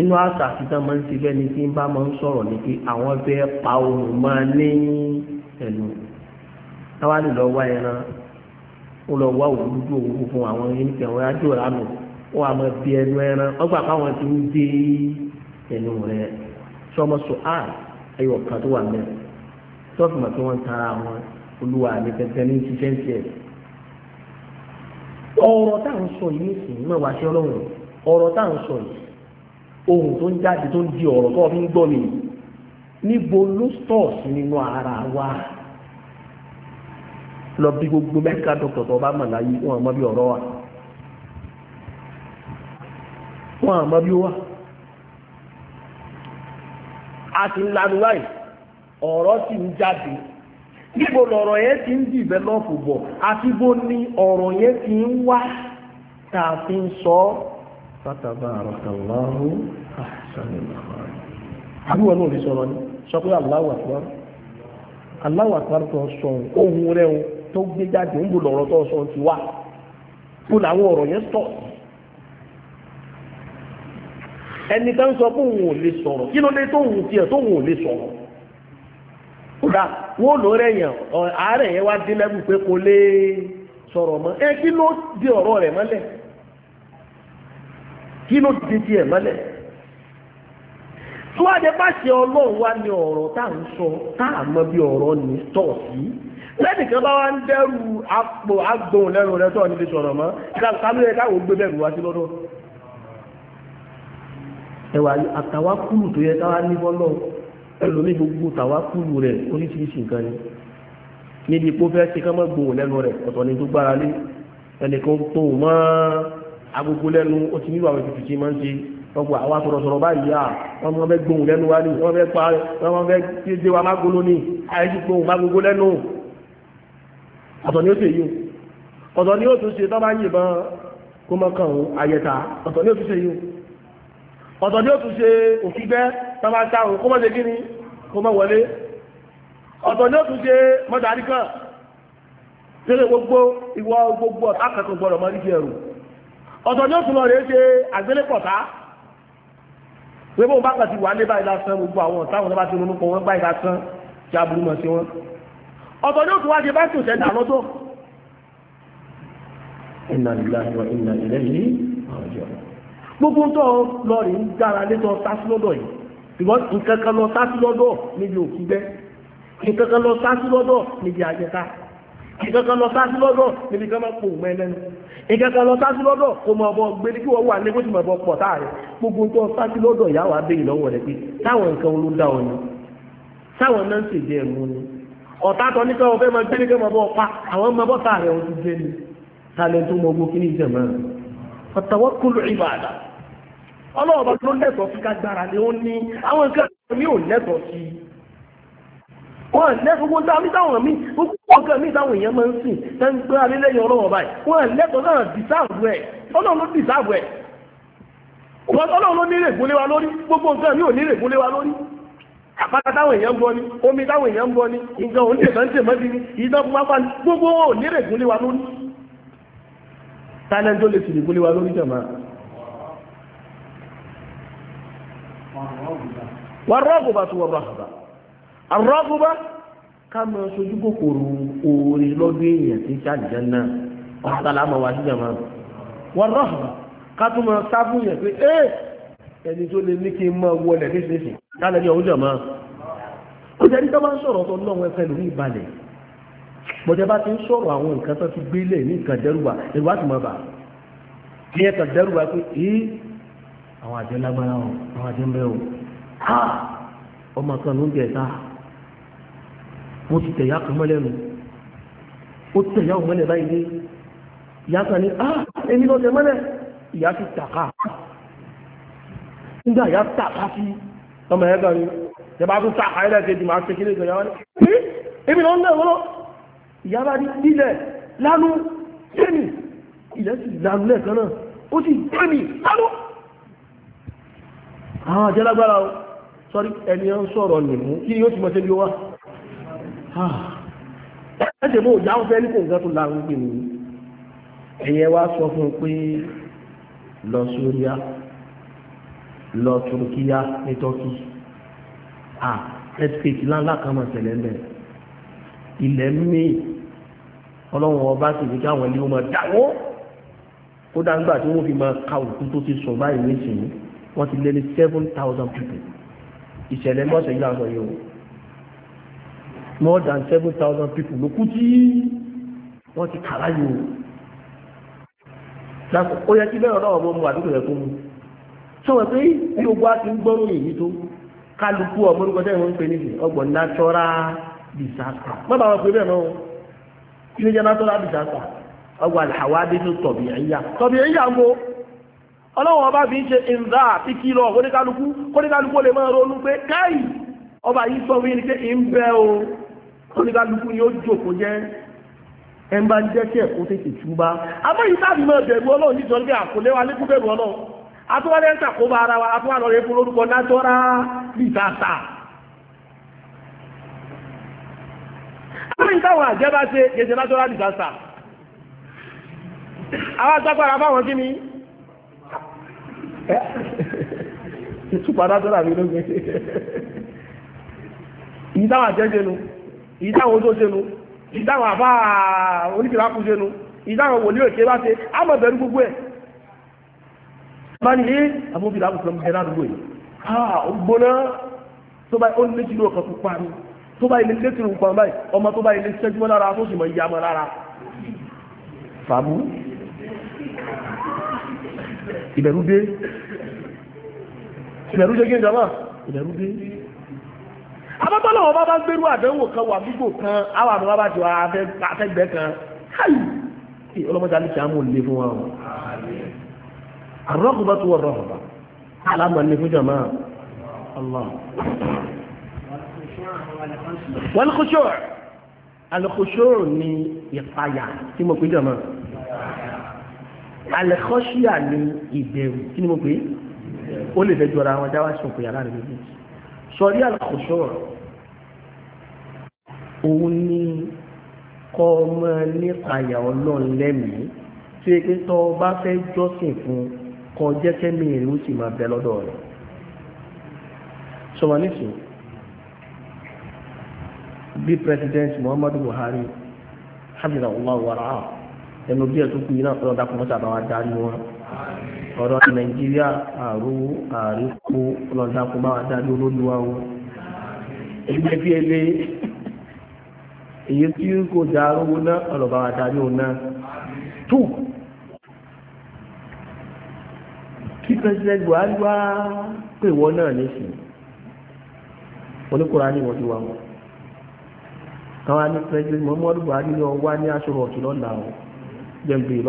Speaker 2: inú àṣàṣì tán máa ń ṣe lẹ́ni tí ń bá máa ń sọ̀rọ̀ ni pé àwọn fẹ́ pa ohun mọ́ ní ẹnu táwọn lè lọ wá ẹran kó lọ wá òwú ju òwú fún àwọn ẹnìkan wọn adó lánàá wọn àmọ́ bí ẹnu ẹran ọgbà káwọn ti ń dé ẹnu rẹ sọmọ sọ á ẹyọ kan tó wà mẹ tọ́sí mọ̀ tí wọ́n ń tara àwọn olúwa mi tẹ́tẹ́ ní ṣiṣẹ́ ń tiẹ̀. ọ̀rọ̀ tá à ń sọ yìí sì ń mẹ́wàá sí ọlọ́run ọ̀rọ̀ tá à ń sọ yìí ohun tó ń jáde tó ń di ọ̀rọ̀ tó ń gbọ́ mi níbo ló stọ̀ sí nínú ara wa lọ bí gbogbo mẹ́ríkà dọ́kítọ̀ tó bá mọ̀ láyé wọn àmọ́ bí ọ̀rọ̀ wà wọn àmọ́ bí ó wà a ti ń lanu báyìí ọ̀rọ̀ sì ń jáde níbo lọ̀rọ̀ yẹn ti ń dìvẹ́lọ́pù bọ̀ àti bó ni ọ̀rọ̀ yẹn ti ń wá tá a fi ń sọ ọ́ pátábà
Speaker 3: àròkànláhù àṣàlùmọ̀
Speaker 2: àbúrò náà lè sọ̀rọ̀ ni sọ pé aláwọ̀ àtúwárò aláwọ̀ àtúwárò tó ń sọ ohun rẹ̀ o tó gbé jáde ń bò lọ́rọ̀ tó sọ ti wá kó làwọn ọ̀rọ̀ yẹn sọ ẹni tó ń sọ pé òun ò lè sọ̀rọ̀ kí ló dé tó òun tiẹ̀ tó òun ò lè sọ̀rọ̀ kódà wọ́n lò rẹ̀ yàn àárẹ̀ yẹn wá dín lẹ́bù pé kò lè sọ̀rọ̀ mọ́ ẹ kí ló di ọ̀rọ̀ rẹ̀ mọ́lẹ̀ kí ló di tiẹ̀ mọ́lẹ̀ tó wá dé bá ṣe ọlọ́run wá ní ọ̀rọ̀ tá à ń sọ tá à mọ bí ọ̀rọ̀ ní tọ̀ sí lẹ́nìkan bá wá ń dẹ́rù apò agbóhùn lẹ́nu rẹ̀ tọ́ nílé sọ̀rọ̀ mọ́ kálú yẹ káwọn gbé bẹ̀rù wá sí lọ́dọ̀ ẹwà àtàwá kúlù tó yẹ káwá ní bọ́lọ́ ẹlòmí gbogbo tàwá kúlù rẹ̀ oríṣiríṣi nǹkan ni níbi kó fẹ́ ṣe kán mọ́ gbóhùn lẹ́nu rẹ̀ ọ̀tọ̀ ni tó gbára lé ẹnìkan tó mọ́ agogo lẹ́nu ó ti nílò àwọn ìfìfìsí máa ń ṣe ọgbà àwọn asọ̀rọ̀sọ̀rọ̀ báyìí à wọ́n mọ́ fẹ́ gbóhùn lẹ́nu wá ní wọ́n fẹ́ pa wọ́n fẹ́ gbé wa mágolo ní àìsí gbóhùn mágolo lẹ́nu ọ̀tọ̀ ni ó ṣe yíò ọ̀tọ̀ ni ó tún ṣe tọ́bá yìnbọn kó mọ́kàn òun ayẹta ọ̀tọ̀ ni ó tún ṣe yíò ọ̀tọ̀ ni ó tún ṣe òfífẹ́ tọ́bá sáhùn kó mọ́ṣe kíni kó mọ́ wọlé ọ̀tọ̀ ni ó tún ṣe mọ́darí kan tẹ́lẹ̀ gbogbo ìwọ gbogbo akẹ́kọ̀ọ́ gbọ́dọ̀ mọ́ ríṣẹ́ ẹ̀rù ọ̀tọ̀ ni ó tún lọ rẹ̀ ṣe àgbélépọ̀tá pé bóun bá kàn ti wà ní báyìí lásán gbogbo àwọn ọ̀táwọn tó bá ti ronú pọ̀ wọ́n báyìí lásán kí aburú mọ̀ sí wọn ọ̀tọ̀ ní òtún wá ṣe bá tò sẹ́ńtà lọ́tọ̀ inna lillahi wa inna ilayhi raji'un gbogbo tó lọ rí ń dára létọ́ sásí lọ́dọ̀ yìí ṣùgbọ́n nǹkan kan lọ sásí lọ́dọ̀ níbi òkúgbẹ́ nǹkan kan lọ sásí lọ́dọ̀ níbi àjẹta nǹkan kan lọ sásí lọ́dọ̀ níbi kan máa pò mọ́ ẹlẹ́nu nǹkan kan lọ sásí lọ́dọ̀ kò mọ̀ ọ̀bọ̀ gbé kí wọ́n wà ní kó sì mọ̀ ọ̀bọ̀ pọ̀ táà rẹ̀ gbogbo tó sásí lọ́dọ̀ ìyá wa béèrè rẹ̀ pé táwọn nǹkan ló dá ni táwọn náà ń ṣèjẹ́ ẹ̀mú ni ọ̀tá tọ́ ní kọ́ fẹ́ mọ gbé ní kọ́ mọ bọ́ pa àwọn ọmọ bọ́ sáré ohun ti gbé ni talẹ̀ tó mọ ogun kíní ìjẹ̀mọ́ ọ̀tàwọ́kùlù ìbàdà ọlọ́ọ̀bá tó lẹ́tọ̀ọ́ sí kágbára ni ó ní àwọn nǹkan mi ò lẹ́tọ̀ọ́ sí wọ́n lẹ́tọ̀ọ́ gbogbo dáa mi táwọn mi gbogbo ọ̀gá mi táwọn èèyàn máa ń sìn tẹ́ ń gbé alẹ́lẹ́yìn ọlọ́wọ́ báyìí wọ́n lẹ́tọ̀ọ́ náà dìsáàbù ẹ̀ ọlọ́run ló dìsáàbù ẹ̀ ọlọ́run ló ní àpáta táwọn èèyàn ń bọ ni omi táwọn èèyàn ń bọ ni nǹkan òun tèmọ́ tèmọ́ di ni iná fún wáfà ni gbogbo onírè gúnlé wa lórí tálẹ́ńtò lè sì lè gúnlé wa lórí jàmá. wàrọ́gùbà tó wàrọ́gùbà àrọ́gùbà ká mọ sojú kòkòrò oore lọ́dún èèyàn tí sàlìjẹ́ náà ọ̀sán làmọ̀ wá sí jàmá wàrọ́gùbà ká tún mọ sáfù yẹn pé ee ẹni tó lè ní kí n máa wọlẹ̀ nísinsìnyí lálẹ́ ní ọ̀hún jọ̀mọ́ ó jẹ́ nígbà máa ń sọ̀rọ̀ tó lọ́wọ́ ẹfẹ́ lórí ìbalẹ̀ bọ̀dẹ̀ bá ti ń sọ̀rọ̀ àwọn nǹkan tó ti gbélé ní nǹkan dẹ́rùbà ìwà tó máa bà kí ẹ kàn dẹ́rùbà pé èyí àwọn àjẹ́ lágbára o àwọn àjẹ́ ń bẹ́ o ha ọmọ kan ló ń jẹ ta mo ti tẹ̀yà kan mọ́lẹ̀ nu ó tẹ̀yà òmọ́lẹ̀ báyìí dé ìyá kan ah èmi lọ́ọ́ jẹ mọ́lẹ̀ ìyá ti tàkà nígbà yà tà káfí ọmọ ẹ̀gá ni ìjọba tó tà káyọ̀ lẹ́ẹ̀kejì máa ṣe kílẹ̀ ìgbàyàwó ni ebi náà ń lẹ́wọ́ ìyába ní ilẹ̀ lánú tẹ́nì ilẹ̀ sì lánú lẹ́ẹ̀kan náà ó sì tẹ́nì lánú àwọn àjẹ́lágbára o sọ́rí ẹni ń sọ̀rọ̀ nìmú kí ni ó ti mọ́ tẹ́lú wá ẹ̀ṣẹ̀ mọ́ òjá ń fẹ́ ní kò nǹkan lọ Turkiya ní Tọ́kì à earthquake láńlá kan mọ̀ tẹ̀lé mẹ́ ilẹ̀ míì ọlọ́run ọba sì fi káwọn ilé wọn dáwọ́ ó dáńgbà tí wọ́n fi máa ka òkú tó ti sọ báyìí nísìnyí wọ́n ti lé ní seven thousand people ìṣẹ̀lẹ̀ mọ́sẹ̀ yìí àgbọ̀ yìí o more than seven thousand people ló kú tí wọ́n ti kàrá yìí o ó yẹ kí bẹ́ẹ̀ ọlọ́run mọ́ mu àdúgbò rẹ̀ kó mu. sọ̀rọ̀ pé bí ogun á ti ń gbọ́rọ̀ yìí tó kálukú ọmọ orúkọ tẹ́lẹ̀ ń pè níbi ọgbọ̀n natural disaster wọ́n bá wọn pè bẹ́ẹ̀ náà kí ni jẹ́ natural disaster ọgbọ̀n alhawadithu ń ọba fi ń ṣe ìnzá àti kìlọ̀ kóníkálukú kóníkálukú lè máa ronú pé káì ọba yìí sọ wí ni pé ń bẹ́ o jòkó jẹ́ ń atúwálẹ̀ ń tàkóbá ara wa atúwálọ̀ rẹ̀ fún lórúkọ látọ́rá lìtàtà àwọn ìtàwọn àjẹ́bá ṣe gẹ̀ẹ́sẹ̀ látọ́rá lìtàtà àwọn àtàkọ́ra fáwọn kí ni ìtùpà látọ́rá mi ló gbé ìtàwọn àjẹ́jẹ́nu ìtàwọn ojóṣẹ́nu ìtàwọn àfáà oníkìlákúṣẹ́nu ìtàwọn wòlíò ìṣẹ́ bá ṣe á mọ̀ bẹ̀rù gbogbo ẹ̀ bá ní ẹ́ àmóbìnrin àbùsùn ọmọ ẹ̀rọ àdúgbò yìí ha ó gbóná tó bá ó lé tìlú ọkàn tó pa ni tó bá ilé tìlú ọkàn báyìí ọmọ tó bá ilé sẹ́jú mọ́ lára tó sì mọ̀ ìyá mọ́ lára
Speaker 3: fàbú ìbẹ̀rù dé ìbẹ̀rù dé
Speaker 2: gíga náà ìbẹ̀rù dé abábọ́lọ̀ wọn bá bá gbérú àdánwò kan wà gbígbò kan àwọn àmì bábá jọ afẹ́gbẹ́ kan háì ọlọ́mọdé alẹ́ kí á mú un lé fún wa الرغبة والرهبة على ما نفو جماعة الله والخشوع الخشوع ni ìpayà tí mo pè jọmọ́ alẹ́kọ́ṣíà ni ìbẹ̀rù tí mo pè ó lè fẹ́ jọra wọn jáwá sí òkúyà láàrin méjì sọrí alẹ́kọ́ṣọ́ òun ni kọ́ ọmọ nípa ìyàwó náà lẹ́mìí tí ó pé tọ́ bá fẹ́ jọ́sìn fún un kọ jẹ́ kẹ́mi rẹ̀ ó sì máa bẹ lọ́dọ̀ rẹ̀ sọmọ nísìn bí president Muhammadu Buhari hamid allah wàrà ẹnu bí ẹtù kú yìí náà fọlọ́dà kọ́ mọ́tà àbáwá darí wọn ọ̀rọ̀ Nàìjíríà àrò àríkó fọlọ́dà kọ́ máa darí olóluwa wọn ẹgbẹ́ bí ẹlẹ́ èyí tí kò dá owó náà ọ̀rọ̀ bá wa darí òun náà tí president buhari gbaa pè wọ́n náà nísìn oníkùnrin ni wọ́n ti wá wọn káwọn ní president muhammadu buhari ni wọ́n ní aṣọ ọ̀tún lọ́la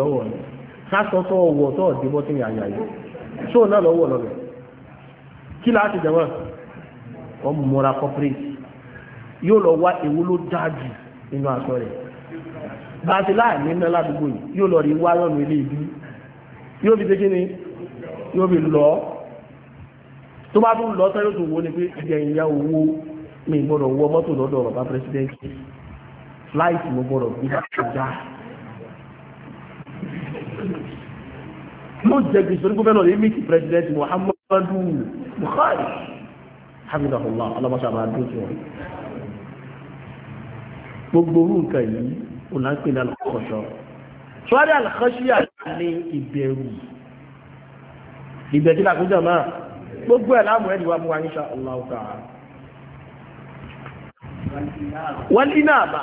Speaker 2: o lọ́wọ́ ni sásọ́sọ́ ọwọ́ tó tí yàyà yìí ṣó náà lọ́wọ́ lọ́bẹ̀ kí láti jẹ̀wọ́ ọmọ corporate yóò lọ wá ló nínú aṣọ rẹ̀ bá a ti ládùúgbò fi kí yóò fi lọ tó bá tún lọ sẹ́yìn tó wo ni pé ìjẹ ìyá owó mi gbọ́dọ̀ wọ mọ́tò lọ́dọ̀ bàbá pírẹsidẹ́ntì flight mo gbọ́dọ̀ gbé kọjá ló jẹ gbèsè orí gómìnà yìí mìtì pírẹsidẹ́ntì Muhammadu Buhari hamidahullah alamasa máa dùn sí wọn gbogbo orú nǹkan yìí ò náà ń pè ní alakọ̀ṣọ́ sọ́rí alakọ̀ṣíyà ní ìbẹ̀rù yìí ìgbẹ̀jì làkújọ náà gbogbo ẹ̀ láàmú ẹ̀ níwá mú wa insha Allah ta'ala. wọ́n iná àbá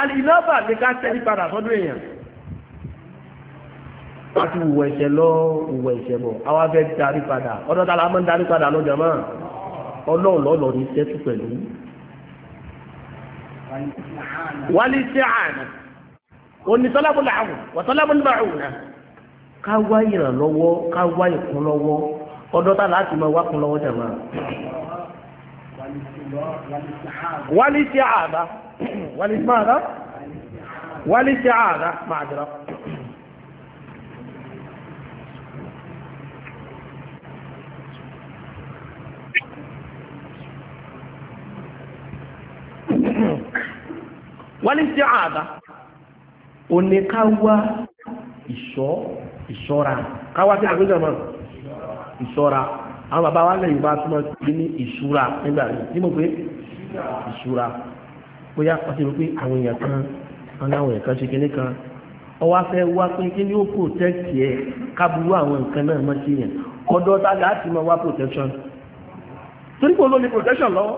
Speaker 2: àti iná àbá ní ká tẹ́lí padà sọ́dún èèyàn a ti wùwọ̀ ẹ̀ṣẹ̀ lọ wùwọ̀ ẹ̀ṣẹ̀ bọ̀ àwa fẹ́ darí padà ọ̀dọ́ ta máa ń darí padà lọ́jọ́ náà ọlọ́run ní sẹ́tù pẹ̀lú.
Speaker 1: wálé sí àná
Speaker 2: onítọ́lábùlà àwùn wọ́tọ́lábùlà àwùn náà. ká wá ìrànlọ́wọ́ ká wá ìkúnlọ́wọ́ ọdọ́ tá láti máa wá kúnlọ́wọ́ jẹ̀ máa. wálé sí àdá ada, sí àdá wálé sí máa sí ìṣọ́ra káwá sí àgbéjọ mọ́ ìṣọ́ra àwọn bàbá wa lẹ́yìn bá túmọ̀ sí ní ìṣúra nígbà rẹ̀ ní mo pé ìṣúra bóyá wọ́n ti rò àwọn èèyàn kan wọn láwọn èèyàn kan ṣe kinní kan wọ́n wá fẹ́ wá pé kí ni ó protect yẹ kábúrú àwọn nǹkan náà mọ́ sí yẹn ọ̀dọ́ tága wá protection torí protection lọ́wọ́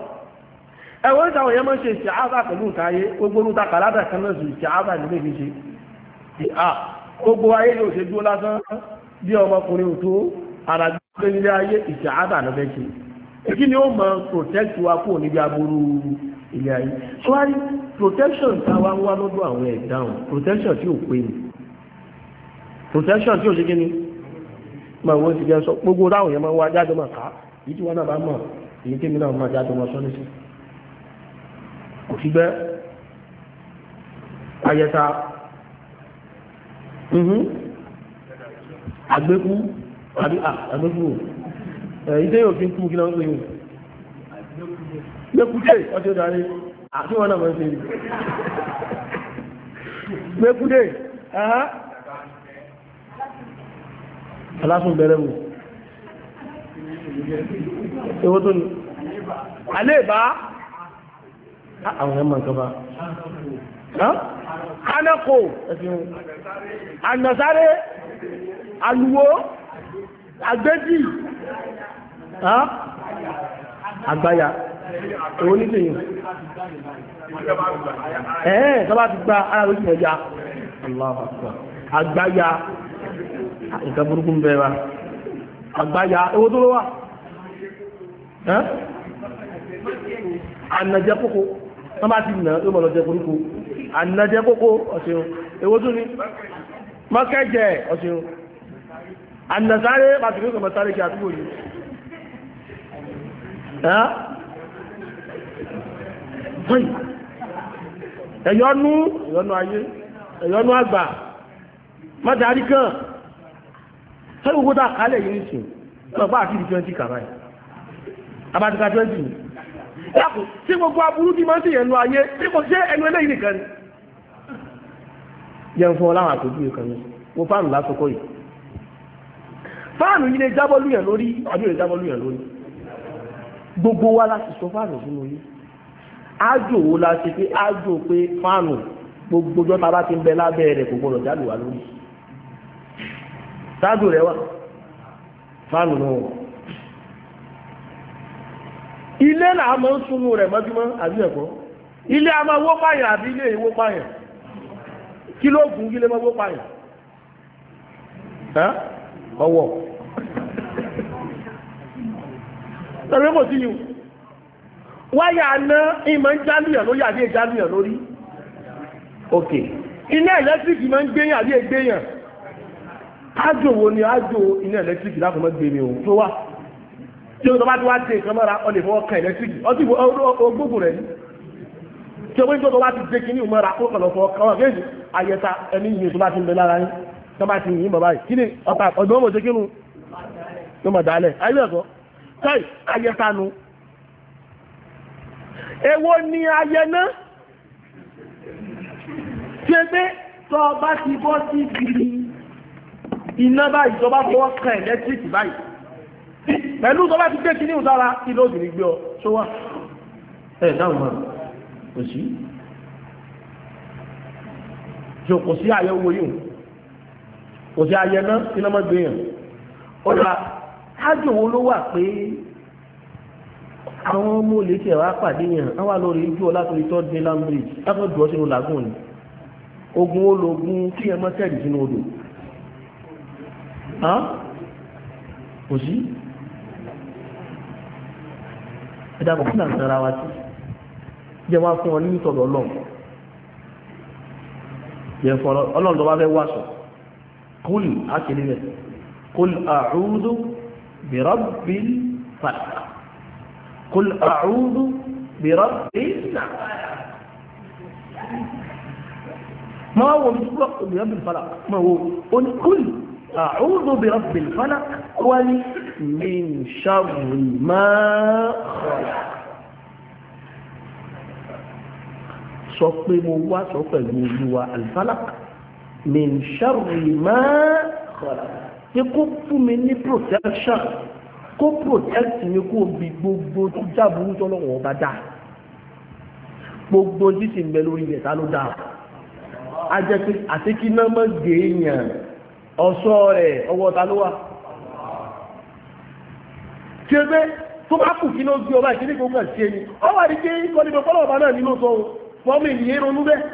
Speaker 2: ẹ̀wọ́n máa ń ṣe pẹ̀lú ìtayé gbogbo kàládà kan náà nílé ìṣe gbogbo ayé ní òṣèlú lásán bí ọmọkùnrin ò tó ara gbé nílé ayé ìjà àbànúbẹ́kì èyí ni ó mọ protect wa kó níbi aburú ilé ayé ṣọ́wárí protection táwa ń wá lọ́dọ̀ àwọn ẹ̀dá wọn protection tí ò pé ni protection tí ò ṣe kí ni ma wọ́n ti jẹ́ sọ gbogbo ráhùn yẹn máa wá jáde máa kà á yìí tí wọ́n náà bá mọ̀ èyí tí mìíràn máa jáde máa sọ nísìn kò fi bẹ́ ayẹta àgbékú mhm. àbí àgbékú ìdé yóò fi ń kú kí náà ń pè yóò mẹ́kúdé ọjọ́ darí àti wọn náà mọ́ sí mẹ́kúdé ẹ̀há aláṣùn bẹ̀rẹ̀ mú ewó tó ní àlébá àwọn ẹ̀mọ̀ nǹkan bá
Speaker 3: anako anasare aluwo agbẹ́jì àgbáyà òun ní lèyìn ẹ̀ẹ́ tọ́bá ti gba
Speaker 2: ara lójú ẹja àgbáyà nǹkan burúkú ń bẹ wa àgbáyà owó tó ló wà ànàjẹ́ kókó tọ́bá ti nà ó mọ̀ lọ jẹ koríko ànájẹ́ kókó ọ̀ṣẹ́un èwo tún ni
Speaker 3: mọ́kẹ́jẹ̀ ọ̀ṣẹ́un ànàsáré pàtàkì kọ̀mọ̀ sáré kí àdúgbò yìí
Speaker 2: ẹ̀yọ́nú ẹ̀yọ́nú ayé ẹ̀yọ́nú àgbà
Speaker 3: mọ́tàrí kan
Speaker 2: sọ́rọ̀ gbogbo àkálẹ̀ yìí nìsìn ọ̀pá àti ìdí 20 kàráì abátíká 20 yàkù tí gbogbo aburú tí máa ń tèyẹ̀ ẹnu ayé tí kò sí ẹnu ẹlẹ́yìn nìkan ni jẹun fún ọ láwọn àpèjú ìkan ní wo fáànù lásọkọ yìí fáànù yìí lè jábọ́ lùyàn lórí àbí lè jábọ́ lùyàn lórí gbogbo wa láti sọ fáànù sínú yìí ájò wo la ṣe pé ájò pé fáànù gbogbo jọta bá ti ń bẹ lábẹ́ rẹ̀ kò gbọdọ̀ jáde wá lórí ṣáájú rẹ̀ wà fáànù náà wọ̀ ilé làá máa ń súnmù rẹ̀ mọ́júmọ́ àbí ẹ̀kọ́ ilé a máa wó pààyàn àbí ilé ìwó pààyàn kí ló gùn kí lè mọ́ gbó pààyàn
Speaker 3: ọwọ́ ẹ̀rẹ́ kò sí yìí
Speaker 2: wáyà aná ìmọ̀ ń jálùyàn lórí àbí ìjálùyàn lórí ok iná ẹ̀lẹ́tíríkì máa ń gbéyàn àbí ẹgbéyàn ájò wo ni ájò iná ẹ̀lẹ́tíríkì láti mọ́ gbèmí òun tó wà tí ó tọ́ bá tí wá dé ìkan mọ́ra ọ lè fọwọ́ kan ẹ̀lẹ́tíríkì ọdún ogbógun rẹ̀ ní ṣe wọ́n tó bá ti dé kí ní ìmọ̀ra kó kàn lọ fọ kọ́wọ́ kéèjì ayẹta ẹni yìí tó bá ti ń bẹ lára yín tó bá ti yìn bàbá yìí kí ni ọ̀tà ọ̀dọ́ mọ̀ ṣe kínú ló mọ̀ dálẹ̀ ayé ẹ̀kọ́ káì ayẹta nu èwo ni ayẹ náà ṣe pé tó bá ti bọ́ sí ibi iná báyìí tó bá fọwọ́ kan ẹ̀lẹ́tíríkì báyìí pẹ̀lú tó bá ti gbé ọ ṣó wà ẹ̀ kò sí tí kò sí àyẹ̀wò yìí kò sí ayẹ náà iná máa gbìyàn ó dà ájò wo ló wà pé àwọn ọmọ olè tí ẹ wá pàdé yẹn àwọn àlọ́rẹ̀ ojú ọ látòrí tó dé lambridge látò dùn ọ́ sínú làgùn ni ogun ológun kí ẹ mọ́ tẹ̀lé sínú odò kò sí ẹ̀dàbọ̀ fún àǹtara wa sí jẹ́ wá fún ọ ní ìtọ̀dọ̀ ọlọ́run jẹ́ fún ọlọ́run tó bá fẹ́ wàṣọ kúl àkìlì rẹ̀ kúl àrúdú bìrọ́bì fàlà kúl àrúdú bìrọ́bì nà máa wọ bìrọ́bì fàlà máa wọ ó ní kúl àrúdú bìrọ́bì fàlà wá ní min ṣàrùn sọ pé mo wá sọ pẹ̀lú olúwa alifalak min sharri ma khalaq pé kó fún mi ní protection kó protect mi kó bi gbogbo tó jáburú tó lọ́wọ́ ọba dá gbogbo tí sì ń bẹ lórí ilẹ̀ ta ló dá a jẹ́ pé àti kí náà mọ́ gé èèyàn ọ̀ṣọ́ rẹ̀ ọwọ́ ta ló wà tí ó tó bá kù kí ló gbé ọba ìkíní gbogbo ẹ̀ sí ẹni ọwọ́ àdíjé kọ́ni pẹ̀lú ọba náà nínú sọ́wọ́ fọ́mù ènìyàn ronú bẹ́ẹ̀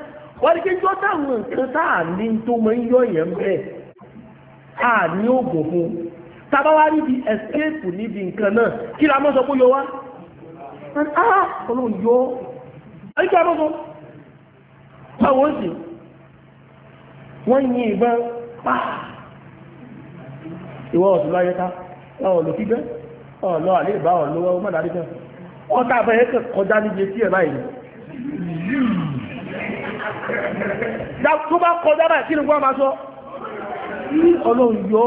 Speaker 2: wọ́n ní kéjọ́ táwọn nǹkan tá à ní tó máa ń yọ yẹn bẹ́ẹ̀ à ní oògùn fún tábà wá níbi escape níbi nǹkan náà kí la mọ́ sọ pé yọ wá ah ọlọ́run yọ ọ́ ẹ̀ka mọ́ sọ báwo sì wọ́n yin ìbọn pàà ìwọ́ ọ̀tún láyé ká ọ̀lọ́ fígbẹ́ ọ̀lọ́ àlébà ọ̀lọ́wọ́ mọ́dàdígbẹ́ ọ̀tá àbẹ̀yẹ́ kọjá níbi etí ẹ̀ báyìí tó bá kọjá báyìí kí ni wọ́n máa sọ ọlọ́run yọ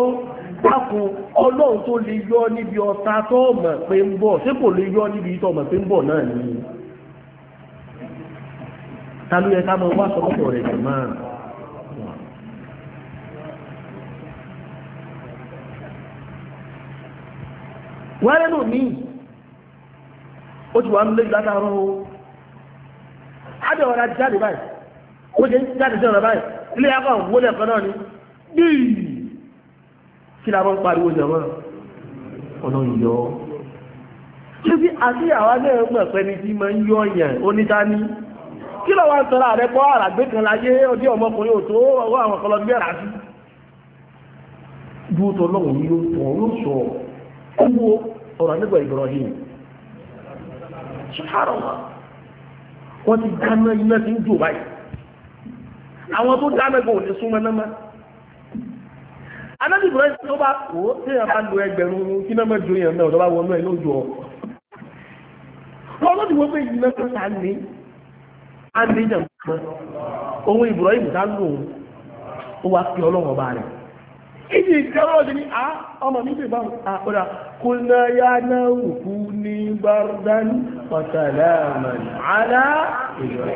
Speaker 2: dákun ọlọ́run tó lè yọ níbi ọta tó mọ̀ pé ń bọ̀ Tí kò lè yọ níbi mọ̀ pé ń bọ̀ náà ni ta ló yẹ ká mọ wá rẹ̀ jù máa wọ́n ó adẹ̀wọ̀n ọrụ jáde báyìí ó ṣe jáde sí ọ̀nà báyìí ilé akọ̀ wọlé ẹ̀kọ́ náà ni bíi kí la mọ́ ń pariwo jẹ̀ wọ́n ọ̀nà ìyọ́ ṣé bí àti àwa náà mọ̀ pé ní tí máa ń yọ yẹn onídání kí lọ́wọ́ ń sọ̀rọ̀ àrẹ pọ́ àràgbé kan láyé ọdí ọmọkùnrin ọwọ́ àwọn ọkọlọ gbé sọ ọ̀rọ̀ nígbà wọ́n ti dáná iná ti ń jò báyìí àwọn tó dáná gbọ́ òní súnmọ́ náà máa anábìbọ̀ ẹni tó bá kó tí èèyàn bá lo ẹgbẹ̀rún kí náà mẹ́jọ èèyàn náà tó bá wọnú ẹ̀ lójú ọ lọ́dún ìwé pé ìdílé tó ta ní á ní ìjàmbá òun ìbùrọ̀ ìbùdá lòun ó wá fi ọlọ́run ọba rẹ̀ ìdí ìjọba ti ní à ọmọ mi bèbá àkọ́dà kó náà yá náà wùkú ní bárdán pàtàlámàn alá ìjọba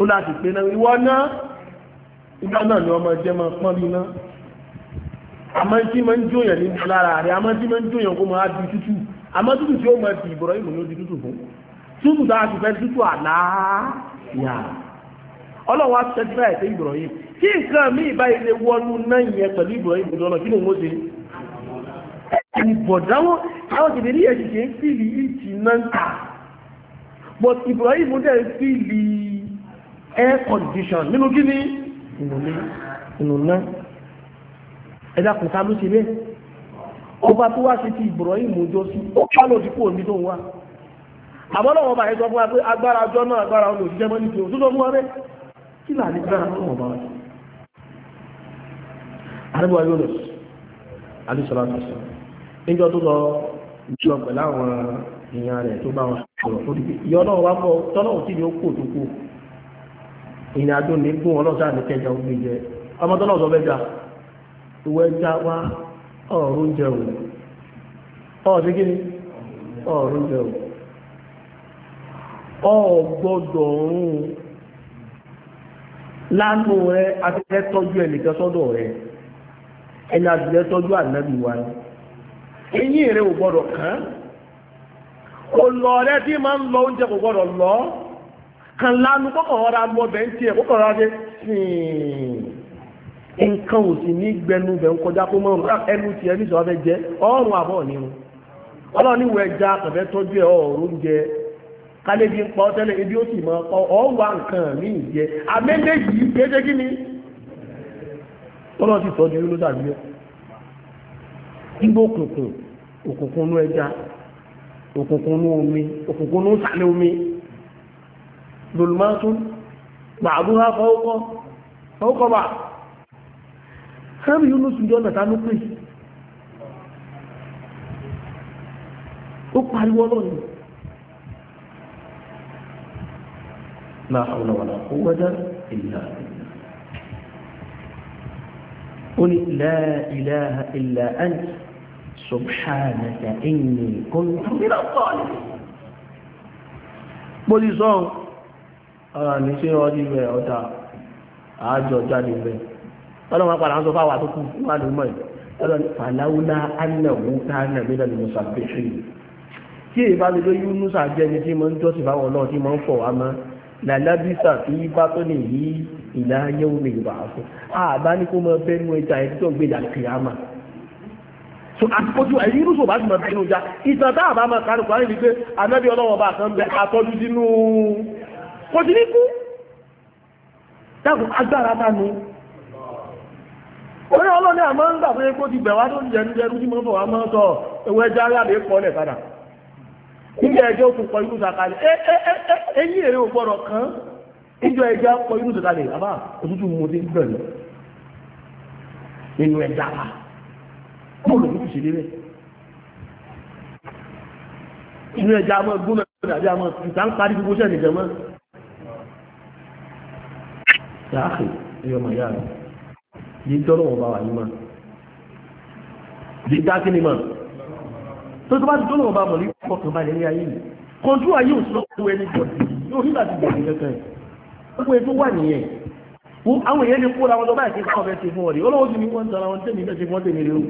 Speaker 2: ó láti pé náà ìwọ náà ìgbà náà ni ọmọ jẹ́ máa pọ́n bí náà àmọ́ tí máa ń jóyàn ní lára rẹ̀ àmọ́ tí máa ń jóyàn kó máa di tútù àmọ́ tútù ọlọ́run á tẹ́tí báyìí sí kí nǹkan mi ìbáyìí lè wọnú náà yẹn pẹ̀lú Ibrahim gbọdọ̀ ọ̀nà kí ni mo ṣe ẹni bọ̀dá wọn àwọn yẹn ti ń fìlì ìtì náà ta but Ibrahim dẹ̀ ń fìlì air condition nínú kí ni nínú náà ẹ̀dá kùtà ló ṣe bẹ́ẹ̀ ọba tó wá sí ti Ibrahim jọ sí ó kálọ̀ dípò ní tó ń wá àmọ́ lọ́wọ́ bàyẹ̀ sọ fún wa pé agbára ọjọ́ náà agbára ọlọ́òṣìṣẹ́ mọ́ ní ti òṣùṣọ́ fún wa bẹ́ẹ̀ kí là ní gbára ọlọ́wọ̀n bá wájú àríwá yónus alìsọ́látọ̀sọ́ níjọ́ tó lọ jọ pẹ̀lú àwọn èèyàn rẹ̀ tó bá wọn sọ̀rọ̀ tó dìbò ni ó kò ọlọ́sà ọ̀rún ọ̀gbọ́dọ̀ ọ̀rún lánú rẹ afẹ́fẹ́ tọ́jú ẹnìkan sọ́dọ̀ rẹ ẹni àdìlẹ́ tọ́jú ànábì wa eyín rẹ ò gbọ́dọ̀ kán kò lọ rẹ tí máa ń lọ oúnjẹ kò gbọ́dọ̀ lọ kan lánú kọ́kọ̀ rọra mú ọbẹ̀ ń tiẹ̀ kọ́kọ̀ rọra dé sìn nǹkan ò sì ní gbẹnu bẹ̀ ń kọjá kó mọ́rùn ẹnu tiẹ̀ ní ìṣọ́ jẹ́ ọrùn àbọ̀ nírun ọlọ́ọ̀ni wọ ẹja kẹfẹ́ tọ́jú ẹ̀ ọ̀rọ̀ oúnjẹ kálébí ń pọ̀ tẹ́lẹ̀ ebi ó sì mọ́ ọ ọ̀wà nǹkan ní ìjẹ́ amẹ́lẹ́ yìí kéde kí ni tọ́lọ́ ti sọ di yóò dàbí ọ́ igbó òkùnkùn òkùnkùn nú ẹja òkùnkùn nú omi òkùnkùn nú sàlẹ̀ omi lòlùmọ́tò gbàdúrà fọwọ́kọ́ fọwọ́kọ́ bá sáàmì yóò lóṣù jọ nàta ló pè ó pariwo lọ́nà لا حول ولا قوة إلا بالله. ó ní la ilaha illa ant subhanaka inni kuntu
Speaker 1: min adh-dhalimin
Speaker 2: pólí sọ́ọ̀ ọ̀rọ̀ ní ṣe ọdí rẹ̀ ọ̀dà àájọ jáde rẹ̀ ọlọ́run apàdà ń sọ fáwọn àtúkù wà ní mọ̀ ọlọ́run fàlàúlà ánàwó káànà mílíọ̀nù ni mo ń jọ́sìn fáwọn ọlọ́run tí làlábísà tí bá tó lè yí ìlà yẹ́wò lè bà á fún àbá ní kó mọ bẹ́ẹ̀ mú ẹja ẹjọ́ gbé ìlà kìyàmà so àtìkójú ẹ̀yí irúsò bá ti mọ̀ bẹ́ẹ̀ nùjá ìtàn tá àbá máa kárùkù àyè ni pé anábì ọlọ́wọ́ bá kan bẹ àtọ́jú sínú kò sí ní kú dákùn agbára bá nu orí ọlọ́ni àmọ́ ń gbà pé kó ti bẹ̀ wá tó ti jẹnu jẹnu tí mo ń bọ̀ wá mọ́ sọ ewé járe àbẹ́ kọ́lẹ̀ padà níjọ ẹjọ́ òkú kọ inú sàkálẹ̀ ẹ̀yìn èrè ò gbọ́dọ̀ kan níjọ ẹjọ́ kọ inú sàkálẹ̀ àbá òtútù mo ti bẹ̀rẹ̀ nínú ẹja pa bóòlù òtútù ṣe lélẹ̀ inú ẹja mọ́ gbóná tàbí àmọ́ ìta ń parí gbogbo sẹ́ni jẹ mọ́ yáàkì ẹyọ mọ̀ yára yìí tọ́lọ́wọ́ bá wà ní mọ́ yìí dá kí ni mọ́ tó tó bá ti tọ́lọ̀ ọba mọ̀lẹ́ ọkàn balẹ̀ ní ayé yìí kọjú ayé òsì lọ́wọ́ ẹni jọ yóò nígbà tí bẹ̀rẹ̀ kẹta ẹ̀ gbogbo ètò wà nìyẹn àwọn èèyàn lè kó ra wọn lọ báyìí kí wọn fẹ́ ṣe fún ọ̀rẹ́ olówó ti ní wọn tara wọn tẹ̀mí fẹ́ ṣe fún ọ̀tẹ̀mí rẹ o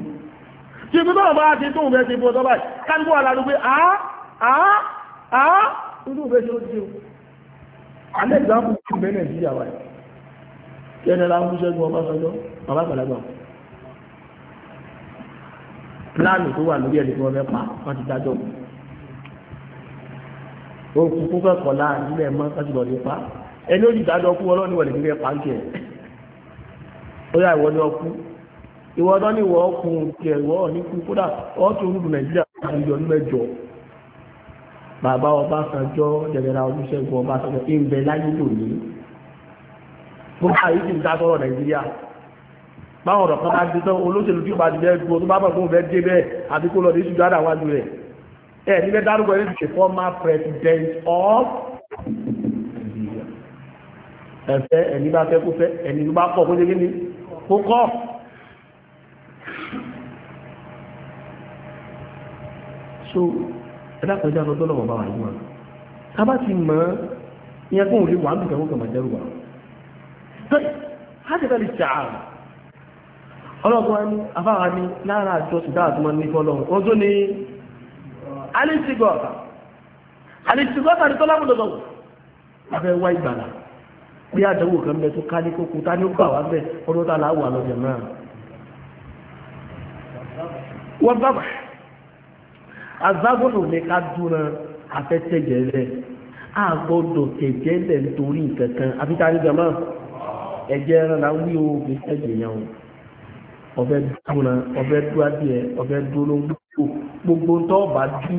Speaker 2: ṣe fi bá bá ṣe tóun fẹ́ ṣe fún ọ̀tọ̀ báyìí kájú wà lálú pé àá àá àá nínú ìfẹ́ ṣe ó ti ṣe o alẹ́ ìgbà kò tún bẹ́ẹ̀ nàìjíríà wáyé kí ẹni láwọn ṣẹ́gun ọba sọjọ́ bàbá pílánù tó wà lórí ẹni tí wọ́n fẹ́ pa wọ́n ti dájọ́ òkú kó fẹ́ kọ̀ọ̀lá nílẹ̀ mọ́ wọ́n ti lọ lè pa ẹni ó ti dájọ́ kú ọlọ́ni wọ̀lẹ̀ nílẹ̀ pa ń tiẹ̀ ó yà ìwọ ni ọ kú ìwọ ọdọ́ ni ìwọ ọkùn tiẹ̀ ìwọ ọ̀ ní kú kódà ọ́ tó rúdù Nàìjíríà àjọ mẹ́jọ bàbá Ọbásanjọ́ jẹ̀gẹ̀dà Olúṣẹ́gun Ọbásanjọ́ ìbẹ̀ láyé lónìí gbogbo àyíkì ń dá sọ́rọ̀ Nàìjíríà báwọn ọ̀rọ̀ kan bá dé tán olóṣèlú tí ó bá dìbẹ́ gbọ́ tó bá bọ̀ fún òfẹ́ dé bẹ́ẹ̀ àti kó lọ ní ṣùgbọ́n àdáwájú rẹ̀ ẹ̀ níbẹ̀ dárúkọ ẹni ṣe former president of Nigeria ẹni bá fẹ́ kó fẹ́ ẹni tó bá kọ̀ kó ṣe kí kó kọ́ so ẹ̀dàkọ̀já lọ tó lọ́wọ́ bá wà yíwá tábà ti mọ̀ ọ́ ìyẹn fún òun lè wà á bìkan kó kàn ọlọ́gbọ́n afára ní lára àjọ ṣùgbà àtúmọ̀ ní fọ́lọ́run ó tó ní alìsìgọ́ta alìsìgọ́ta ní tọ́lá múlọ́dọ̀ abẹ́ wá ìgbàlá bí àdánwò kan bẹ tó ká ní kókó tá ní ó bà wá bẹ ọdún tá láwà lọ́jọ́ náà wọ́n bá bà azágọ́nù ní ká dúnra afẹ́tẹ̀jẹ̀ rẹ̀ a gbọ́dọ̀ tẹ̀jẹ̀ lẹ̀ nítorí nǹkan kan àbíkárí jẹ náà ẹ̀jẹ̀ ẹran là wí o kì í yẹn o ọ̀fẹ́ dúnra ọ̀fẹ́ dúadìẹ ọ̀fẹ́ dúró gbogbo tó bá dú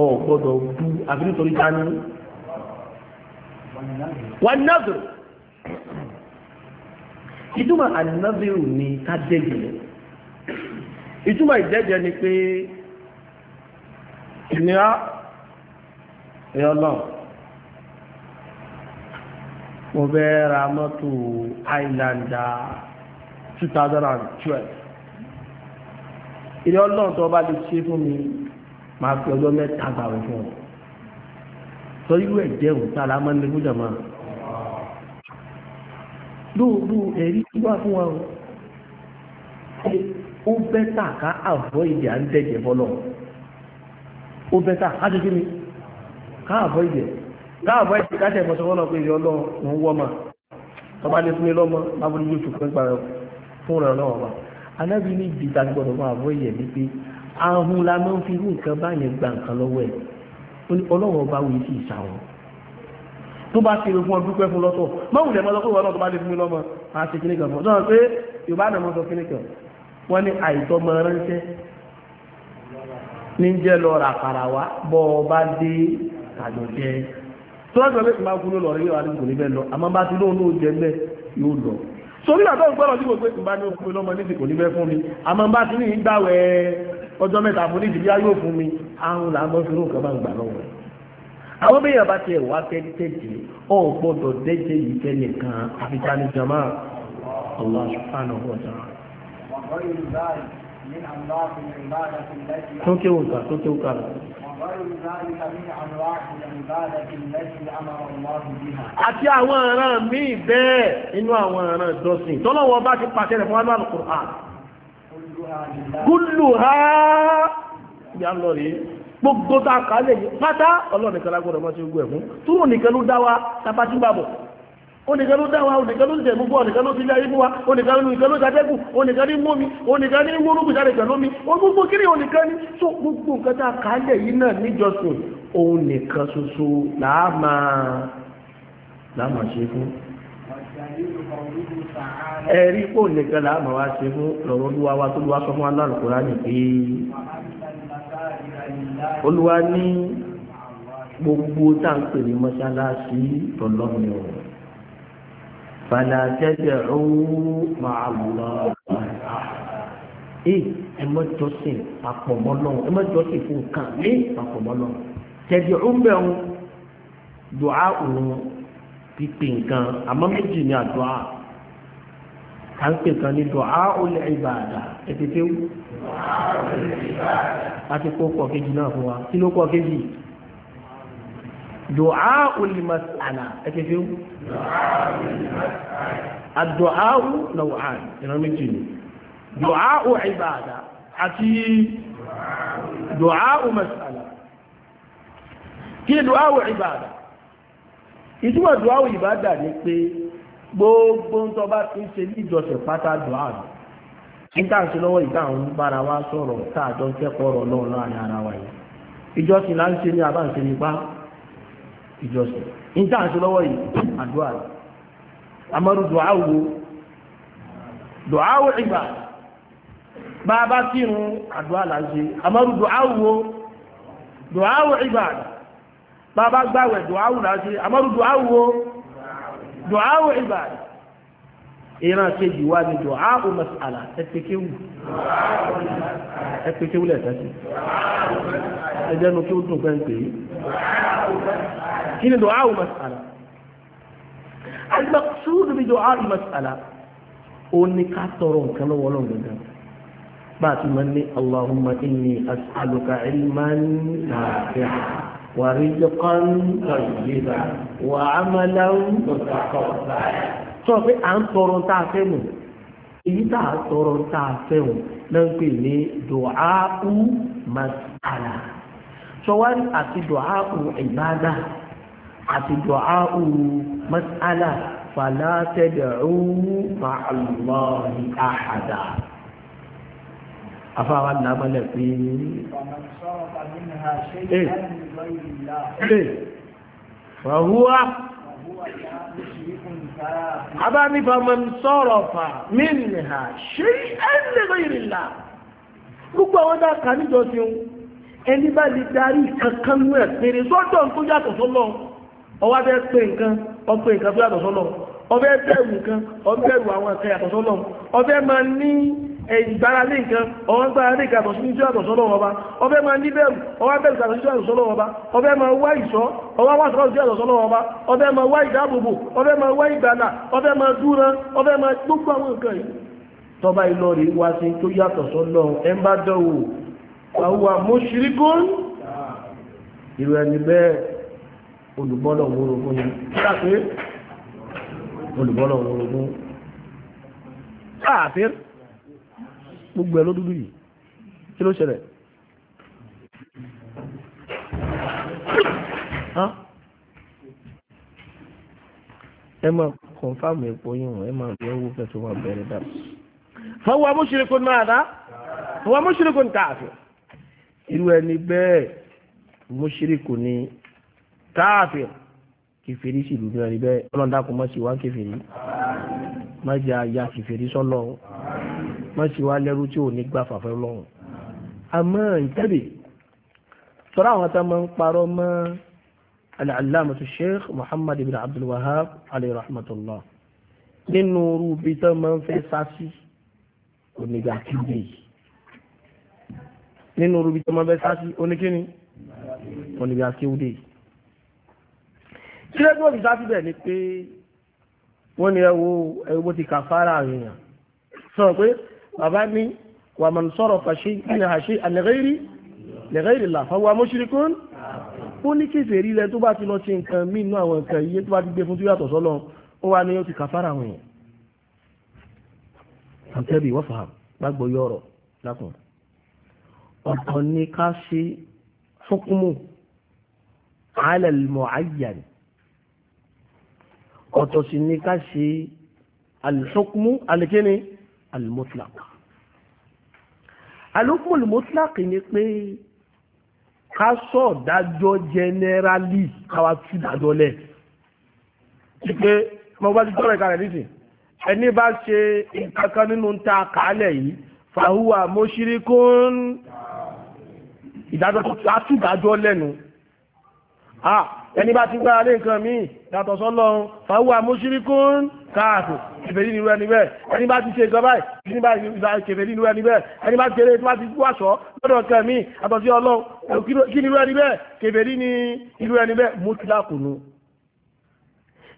Speaker 2: ọ gbọ́dọ̀ dú àbí nítorí ta ni wọn nàbẹ̀rù ìtumọ̀ ànàbẹ̀rù ni ká dẹ́gẹ̀lẹ̀ ìtumọ̀ ìdẹ́gẹ̀ ni pé ìnira ẹ̀yọ́ náà mo fẹ́ ra mọ́tò Highlander 2012 ilé ọlọ́run tó bá lè ṣe fún mi máa fi ọjọ́ mẹ́ta gbàwẹ̀ fún ọ sọ irú ẹ̀ jẹ́ òǹtà lámọ́ ní fújà máa lóòrú ẹ̀rí wá fún wa ó bẹ́tà ká àvọ́ ìdí à ń dẹ̀jẹ̀ bọ́lọ̀ ó bẹ́tà á ti kí ni ká àvọ́ ìdí ká àvọ́ ìdí ká tẹ̀ fọ́sọ́fọ́lọ́ pé ìyọ́ ọlọ́run ń wọ́ mà tọ́ba lè fún mi lọ́mọ lábúrú yóò tún pẹ́ gbàrẹ́ fúnra náà wà anábì ní ibi tá a gbọdọ̀ máa bọ́ ìyẹ̀ ní pé ahun la máa ń fi irú nǹkan báyẹn gba nǹkan lọ́wọ́ ẹ̀ ọlọ́wọ́ bá wí sí ìsà wọn tó bá ṣe fún ọ dúpẹ́ fún lọ́tọ̀ mọ́wùn lẹ́mọ́ lọ́kọ̀ wọn náà tó bá lè fún mi lọ́mọ a ṣe kíní kan fún ọ pé yorùbá náà mọ́ sọ kíní kan wọ́n ní àìtọ́mọ ránṣẹ́ ní jẹ́ lọ rà kàrà wá bọ́ ọ bá dé àjọjẹ́ tó lọ́sọ̀rọ̀ lè fi máa kú ló lọ rí yóò wá ní kò ní bẹ́ẹ̀ lọ àmọ́ bá ti lóun náà jẹ́ bẹ́ẹ̀ yóò lọ torí àtọ́ ìgbọ́rọ̀ tí gbogbo ìgbà ní òkú lọ́mọ ní ìsìnkú níbẹ̀ fún mi àmọ́ bá ti ní ìgbàwẹ̀ ọjọ́ mẹ́ta fún ní ìdíbíyá yóò fún mi àrùn làmọ́ fi rúkọ bá ń gbà lọ́wọ́ àwọn bí yàrá ti ẹ̀wà ọ̀pọ̀dọ̀ dẹ́jẹ́ yìí tẹ́lẹ̀ kan ní jama àti àwọn ọ̀ràn míì bẹ́ẹ̀ inú àwọn ọ̀ràn ìjọsìn tọ́lọ́wọ́ bá ti pàṣẹ rẹ̀ fún aláàlù kùrán kúlù ha ya lọ rí gbogbo ta kàálẹ̀ pátá ọlọ́nìkan lágbọ́dọ̀ onìkan ló dáwà onìkan ló jẹ̀ gbogbo onìkan ló fi ilé ayé fún wa onìkan ló nìkan ló jàdẹ́kù onìkan ní mọ́mi onìkan ní mọ́rùn-ún jáde pẹ̀lú mi ó gbogbo kí ni onìkan ní tó gbogbo nǹkan tá a kálẹ̀ yìí náà níjọsìn òun nìkan ṣoṣo láàmà láàmà ṣe fún ẹ̀rí pò nìkan láàmà wá ṣe fún lọ́rọ̀ olúwa wa tó lúwa sọ fún aláàlùkúrá nìké olúwa ní gbogbo táǹpẹ̀ ní mọ́ṣáláṣí
Speaker 1: tọ́lọ́mìnira
Speaker 2: fàlà tẹ́tẹ̀ ọ̀hún máa lọ ee ẹ mọ jọ́sìn papọ̀ mọ́ lọ́wọ́ ẹ mọ jọ́sìn fún nǹkan ní papọ̀ mọ́ lọ́wọ́ tẹ̀dí ọ̀húnbẹ̀ ọ̀hún dùá òun pípé nǹkan àmọ́ méjì ní àdúrà à ń pè kan ní dùá olè ìbàdà ẹ ti tẹ́wọ́ kó kọ́ kejì náà fún wa kí ló kọ́ kejì du'a uli mas'ala ekekewu, fi du'a u na wu ar, i n'ome iji nu, du'a u ebe a kii du'a mas'ala. i du'a ibada? ebe ada, i ibada du'a u yi baa daadị pe, gbogbo ntọba ije n'ijosi pata du'a yi. N'ịta nse lowo ike ahụhụ bara wa sọrọ kaadọ nkekọ rọ n'ụlọ anyara ha ya, ijosi na nse ni aba nse n'ikpa. ìjọsìn níta àti lọ́wọ́ yìí àdúrà rẹ̀ amadu dùáwò dùáwò ìgbà bá a bá kírun àdúrà là ń ṣe amadu dùáwò dùáwò ìgbà bá a bá gbàwẹ̀ dùáwò là ń ṣe amadu dùáwò dùáwò ìgbà ìran kejì wá ní dùáwò mas'ala ẹ̀pẹ̀ kéwù ẹ̀pẹ̀ kí ó dùn pẹ́ńpẹ́ yìí shine du'a'u mas'ala al-maqsud bi du'a'u mas'ala ó ní ká tọrọ nǹkan lọ́wọ́ Ọlọ́run gangan bá a ti máa ní allahumma inni as'aluka ilman nafi'a wa rizqan
Speaker 3: tayyiba
Speaker 2: wa 'amalan mutaqabbala sọ pé à ń tọrọ tá a fẹ́ mọ̀ èyí tá a tọrọ tá a fẹ́ o náà ń pè ní du'a'u mas'ala sọwárí àti du'a'u ìbádà àti dùá òru mas'ala fàlá tad'u ma'allahi ahada afáwa lámọ́lẹ̀ pé ẹ̀ fàhúwá abáni faman sarafa minha shay'an li ghayrillah gbogbo àwọn dákà níjọ sí ẹni bá lè darí kankan mú ẹ̀ pèrè sọ́dọ̀ tó yàtọ̀ sọ́lọ́run ọwọ́ bẹ́ẹ̀ pé nǹkan ọpẹ́ nǹkan tó yàtọ̀ sọ́lọ́ ọbẹ̀ bẹ̀rù nǹkan ọbẹ̀rù àwọn nǹkan yàtọ̀ sọ́lọ́ ní ìgbáralé nǹkan gbáralé ní bẹ̀rù ọwọ́ bẹ̀rù wá ìṣọ́ ọwọ́ wá wá ìdáàbòbò wá ìgbàlà àwọn nǹkan yìí tọba wá sí tó yàtọ̀ sọ́lọ́ ẹ olùbọ́lọ̀ orogún ni káàkiri olùbọ́lọ̀ orogún káàkiri gbogbo ẹ̀ ló dúdú yìí kí ló ṣẹlẹ̀ ẹ máa kọ̀nfàmù epo yìí wọ́n ẹ máa bí owó fẹ́ tó wà bẹ̀rẹ̀ dà fọwọ́ mọ́ṣirikún máa dá fọwọ́ mọ́ṣirikún káàkiri irú ẹni bẹ́ẹ̀ mọ́ṣirikún ni káàfìr kẹfìrí sì lùdú ẹni bẹ́ẹ̀ ọlọ́run dákun má sì wá kẹfìrí má sì àyà kẹfìrí sọ́lọ́ má sì wá lẹ́rú tí ò ní gbà fàfẹ́ lọ́hùn. àmọ́ ìtẹ́bì tọ́ra àwọn tá máa ń parọ́ mọ́ al-allamatu sheikh muhammad ibn abdul wahab alayhi rahmatullah nínú orú bí tó máa ń fẹ́ sásí onígbà kíbi nínú orú bí tó máa ń fẹ́ sásí oníkíni onígbà kíbi kí lẹ́gbẹ́ òbí sá síbẹ̀ ni pé wọ́n ní ẹwo ẹwo bó ti kà fara àyàn sọ pé bàbá ní wà mọ̀ sọ̀rọ̀ fàṣẹ ìyá àṣẹ àlẹ́gẹ́rì lẹ́gẹ́rì là fọwọ́ amóṣirikún ó ní kèfèrí lẹ tó bá ti lọ sí nǹkan míì nú àwọn nǹkan iye tó bá ti gbé fún tó yàtọ̀ sọ́lọ́ ó wà ní ó ti kà fara àtẹ́bí wọ́n fà gbàgbọ́ yọ̀rọ̀ lákùn ọ̀tọ̀ ni ká ṣe hukumu alal mu'ayyan ọ̀tọ̀ sì ní ká ṣe alìṣọ́kúmú alìkíní alìmọ́tlák alìkúmù alìmọ́tlák ni pé ká sọ dájọ́ jẹnẹrálì káwa tú dájọ́ lẹ̀ ti pé mo bá ti tọ́rọ ìkàrẹ̀ nìsín ẹni bá ṣe nǹkankan nínú ta kàálẹ̀ yìí fàhùwà mọ́ṣíríkún ìdájọ́ tó tú dájọ́ lẹ́nu ah, ẹni bá ti gbára lé nǹkan míì yàtọ̀ sọ́lọ́run fàwọ́ àmúṣíríkún káàtò kèfèrí nínú ẹni bẹ́ẹ̀ ẹni bá ti ṣe nǹkan báyìí ẹni bá kèfèrí nínú ẹni bẹ́ẹ̀ ẹni bá ti ṣeré tí wọ́n ti wá sọ lọ́dọ̀ kan mí àtọ̀ ní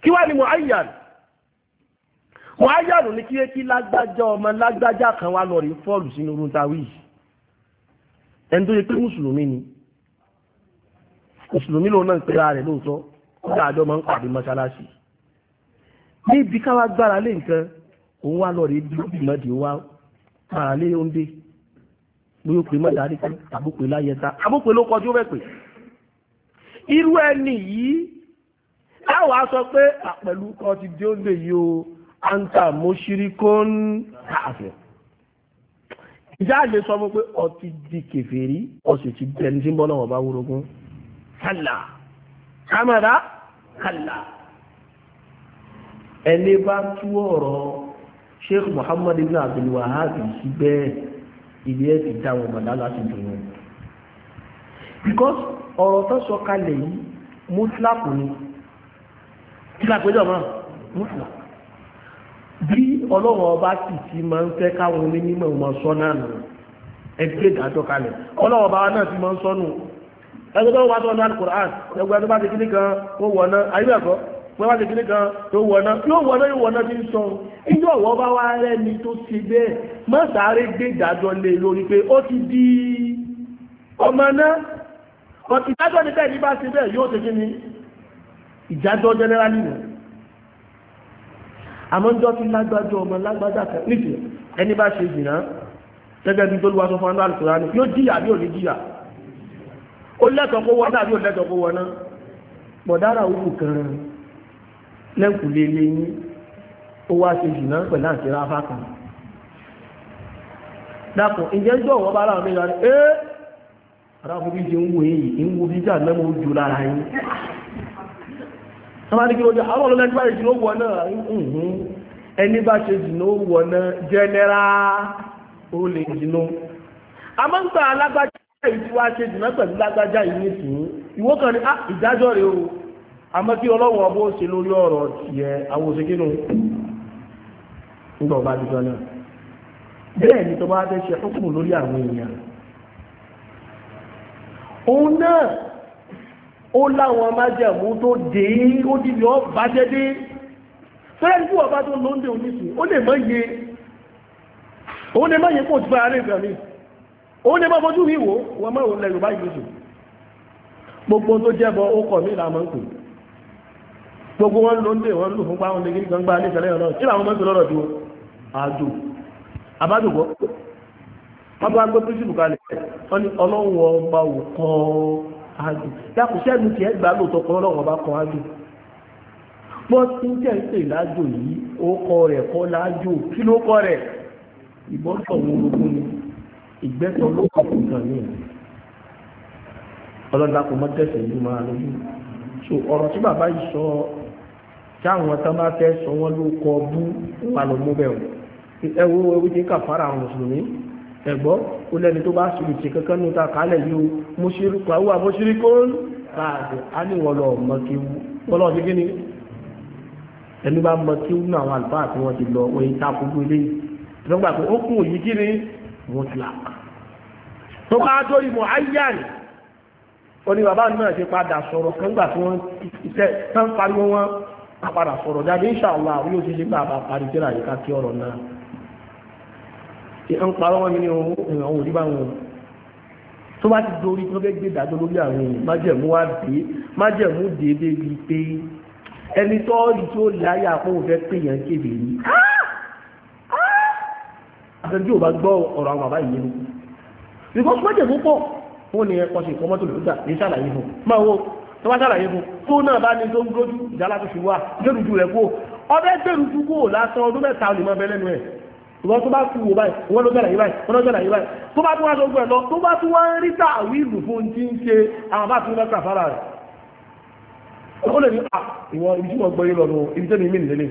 Speaker 2: kí wá ni mo ayàn mo ayàn ní kí etí lágbájá ọmọ lágbájá kan wá lọ rí fọ́ọ̀lù sínú orun tawí ẹni tó yẹ pé mùsùlùmí ni mùsùlùmí lòun náà ń pera rẹ̀ lóòótọ́ kódà àjọ máa ń pàdé mọ́ṣáláṣí níbi káwá gbára lé nǹkan òun wá lọ rèé dúró bìmọ̀ dì wá gbára lé oúnjẹ bí ó pè mọ́ dárí kan àbúpè láyẹta àbúpè ló kọjú rẹ̀ pé irú ẹni yìí táwọn á sọ pé àpẹ̀lú kan ti dé oúnjẹ yìí o àǹtà mọ́ṣíríkọ́n àfẹ́ ìjà àgbè sọ fún pé ọtí di kèfèrí ọ̀sẹ̀ ti bẹni tí ń náà wọ́n bá wúrogún hàlà kámẹ́rà Kala. ẹni bá tú ọ̀rọ̀ sheikh muhammad ibn abdul wahab sí bẹ́ẹ̀ ilé ẹ̀ ti dá wọn mọ̀lá láti dùn because ọ̀rọ̀ tó sọ kalẹ̀ yìí mutlaq ni mutlaq pẹ́jọ́ mọ́ mutlaq bí ọlọ́run ọba sì ti máa ń fẹ́ káwọn onímọ̀ wọn sọ náà nù ẹgbẹ́ ìdájọ́ kalẹ̀ ọlọ́run ọba náà ti máa ń sọ nù ẹgbẹ́ tó wà tó ọ̀nà alukur'an ẹgbẹ́ tó bá ti kíní kan tó wọ̀nà ayé ẹ̀kọ́ pé wá ti kíní kan tó wọ̀nà yóò wọ̀nà yóò wọ̀nà tí ń sọ inú ọ̀wọ́ bá wá rẹ̀ ni tó ti bẹ́ẹ̀ má sáré gbé ìdájọ́ lé lórí pé ó ti di ọmọ náà ọ̀tí ìdájọ́ ní bẹ́ẹ̀ ní bá ti bẹ́ẹ̀ yóò ti kí ni ìdájọ́ jẹ́nẹ́rálì nù àmọ́ ń jọ́ tí lágbájọ́ ọmọ lágbájá kan níṣẹ́ ẹni bá ṣe jìnnà gẹ́gẹ́ bí tó lùwàsọ fún anáàlùkùránì yóò jìyà bí ò ní jìyà ó lẹ́tọ̀ọ́ kó wọ́n tàbí ó kó wọ́n náà bọ̀dára òkú kan lẹ́kùlé lé ní ó wá ṣe jù náà pẹ̀lú àti ráfá kan dákùn ìjẹ́ ń jọ̀wọ́ bá láàrin lára ẹ́ arákùn bí jẹ ń wo èyí ń wo bíjà lẹ́mọ̀ ojú lára yìí wọ́n bá ní kí ló jẹ́ ń gbà alágbájá èyí tí wàá ṣe dìnnà pẹ̀lú lágbájá yìí nìsín ìwọ kan ní ah, ìdájọ́ rẹ o àmọ́ kí ọlọ́wọ́ ọbọ̀ ṣe lórí ọ̀rọ̀ tiẹ̀ àwọn òṣèkínú nígbà ọba àdúgbò náà bẹ́ẹ̀ ni tó bá fẹ́ ṣe fúnkùn lórí àwọn èèyàn òun náà ó láwọn amájẹ̀mú tó dé ó dìbì ọ́ bàjẹ́ dé fẹ́rẹ́ ní ọba tó lóńdè oníṣìí ó lè mọ́ iye kó o ti bá ara rẹ̀ gbà mí ó ní bọ́ fojú wíwò wọn mọ́ ìwọ̀n lẹ́yìn báyìí lóṣù gbogbo tó jẹ́bọ ó kọ̀ mí làmọ́ ń pè gbogbo wọn ló ń dè wọn lù fún páwọn lè gírígan gbá nífẹ̀ẹ́ lẹ́yìn náà kí làwọn mọ́tò lọ́rọ̀ dúró àjò àbádùgbọ́ wọn bá gbé pírísìpù kalẹ̀ wọn ni ọlọ́run ọba ò kọ́ àjò dákùsẹ́ ẹnu tiẹ̀ gbà lóòótọ́ kọ́ ọlọ́run ọba kọ́ àjò bọ́sí jẹ́ ń pè lájò yìí ó kọ́ rẹ̀ kọ́ lájò kí ló kọ́ rẹ̀ ìbọ́sọ̀ wọn ológun ni ìgbẹ́tọ̀ ló kọ̀ fún kan ní ọlọ́dà kò mọ́ tẹ̀sẹ̀ ìlú máa lójú so ọ̀rọ̀ tí bàbá yìí sọ tí àwọn tán bá fẹ́ sọ wọ́n ló kọ bú wà ló mú bẹ́ẹ̀ ẹ wo ewu tí kà fara àwọn mùsùlùmí ẹ̀gbọ́ ó lẹ́ni tó bá sùn ti kankan ní ta kálẹ̀ yìí o mo ṣe rúkọ àwọn àbọ̀ ṣe rí kó káàdì á ní wọn lọ mọ kí wọn lọ sí kíni ẹni bá mọ kí wọn àwọn àlùfáà tí wọn ti lọ wọn yìí ta kúkú eléyìí tí wọn pé ó kún òyìn kí ni mutlaq tó ká dórí muayyan ó ní bàbá náà ṣe padà sọ̀rọ̀ kan gbà tí wọ́n iṣẹ́ tán pariwo wọn àpadà sọ̀rọ̀ jáde inshallah àwọn yóò ṣe ṣe gbà bá parí jẹ́rà yìí ká kí ọ̀rọ̀ náà ń parọ́ wọn ní ohun àwọn òdíbà wọn tó bá ti dorí tó fẹ́ gbé ìdájọ́ lórí àwọn èèyàn májẹ̀mú wá dé májẹ̀mú dé débi pé ẹni tó rí tó láyà kó fẹ́ pèèyàn kébè yìí àtẹni tí ò bá gbọ́ ọ̀rọ̀ àwọn bàbá yìí nínú because wọ́n jẹ̀ púpọ̀ wọ́n ní ẹ̀kọ́ sí ìkọ́mọ́tò lòdà ní sàlàyé fún máa wo tó bá sàlàyé fún tó náà bá ní tó ń gbójú ìdálá tó fi wá gbẹrùjú rẹ kó ọbẹ̀ gbẹrùjú kó lásán ọdún mẹ́ta ò ní máa bẹ lẹ́nu ẹ̀ ìwọ́n tó bá kú wò báyìí wọ́n ló sàlàyé báyìí wọ́n ló sàlàyé báyìí tó bá tún wá sọgbọ́n ẹ̀ lọ tó bá tún wá ń rí tàwíìlù fún ti ń ṣe àwọn bá tún lọ́kà fara rẹ̀ ó lè ní à ìwọ ibi tí wọ́n gbọ́ yé lọ nù ibi tẹ́mi mí nìlélẹ̀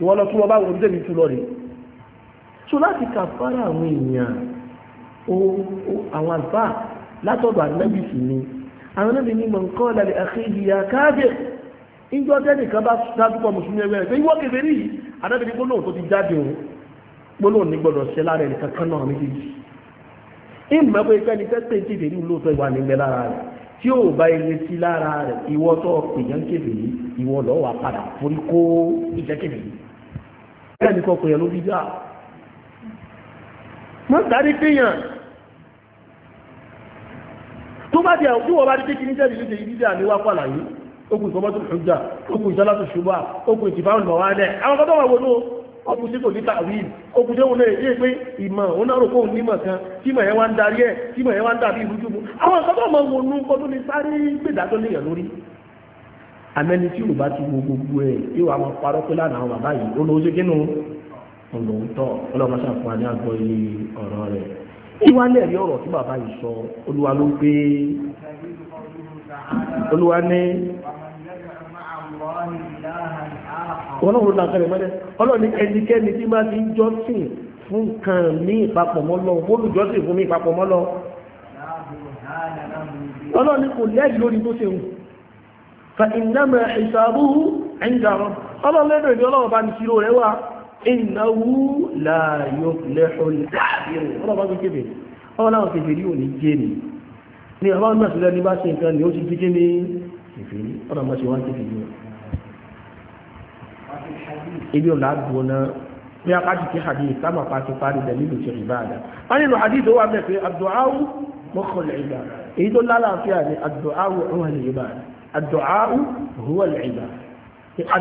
Speaker 2: ìwọ lọ tún wọn báwo ibi tẹ́mi tún lọ rèé so láti kàfàrà àwọn èèyàn àwọn àbá látọ̀dọ̀ ànábì sí ni àwọn ànábì ní mọ̀ nǹkan lálẹ́ ya káàbẹ̀ ìjọ tẹ́nì kan bá dájúkọ mùsùlùmí ẹgbẹ́ rẹ̀ pé ìwọ́ kékeré yìí ànábì ní gbólóhùn tó ti jáde òun gbólóhùn ní gbọdọ̀ ṣe lára ẹnì kankan náà méjèèjì ìmọ̀ pé kẹ́ni tẹ́tẹ́ kékeré lóòótọ́ ìwà nígbẹ́ lára rẹ̀ tí ó bá ilé sí lára rẹ̀ ìwọ tó pèyàn kékeré ìwọ lọ́wọ́ padà forí kó ìjẹ́ kékeré mọ́ tàbí píyàn tó bá jẹ́ òjú wọ́n bá rí kékeré jẹ́ ìlú ìdíjà ní wákọ́ àlàyé okùn ìsọmọ́tò ṣùgbà okùn ìsọlátò ṣùgbà okùn ìtìfáwọn mọ̀wálẹ̀ àwọn kọ́tọ́ wà wọnú ọkùn sí kò ní tàbí okùn tó wọlé èyí pé ìmọ̀ òun náà rògbò onímọ̀ kan tí mọ̀ ẹ̀ wá ń darí ẹ̀ tí mọ̀ ẹ̀ wá ń dàbí ìrújú mu àwọn kọ́tọ́ mọ̀ wọnú kọ́ tó ní olóòótọ́ ọlọ́mọṣà fún wa ní àgbọ̀ yìí ọ̀rọ̀ rẹ̀ kí wá lẹ́ẹ̀rí ọ̀rọ̀ tí bàbá yìí sọ olúwa ló gbé
Speaker 1: olúwa ní ọlọ́run
Speaker 2: lágbàrẹ̀ mọ́lẹ̀ ọlọ́run ní ẹnikẹ́ni tí máa ti ń jọ́sìn fún nǹkan ní ìpapọ̀ mọ́lọ́ olùjọ́sìn fún mi ìpapọ̀ mọ́lọ́ ọlọ́run ní kò lẹ́ẹ̀rí lórí tó ṣe hùn fa ìnáma ìṣàbùhù ẹ̀ńdàrọ̀ ọlọ́run lẹ́dọ̀ ìdí ọlọ́run ní ṣírò ìnáwó láàyò lẹ́ṣọ́ ìdáàbìrò ọlọ́pàá bá tó kébè ọwọ́ láwọn kèfèrí ò ní jẹ́ ni ní ọba náà sílẹ̀ ní bá ṣe nǹkan ni ó ti jíké ní kèfèrí ọ̀nà máa ṣe wá ń kèfèrí wọn ibi ọ̀nà àdúgbò náà bí a kájú kí hadith sábà pa ti parí rẹ̀ nílùú ṣe ìbáàdà a nínú hadith ó wà bẹ́ẹ̀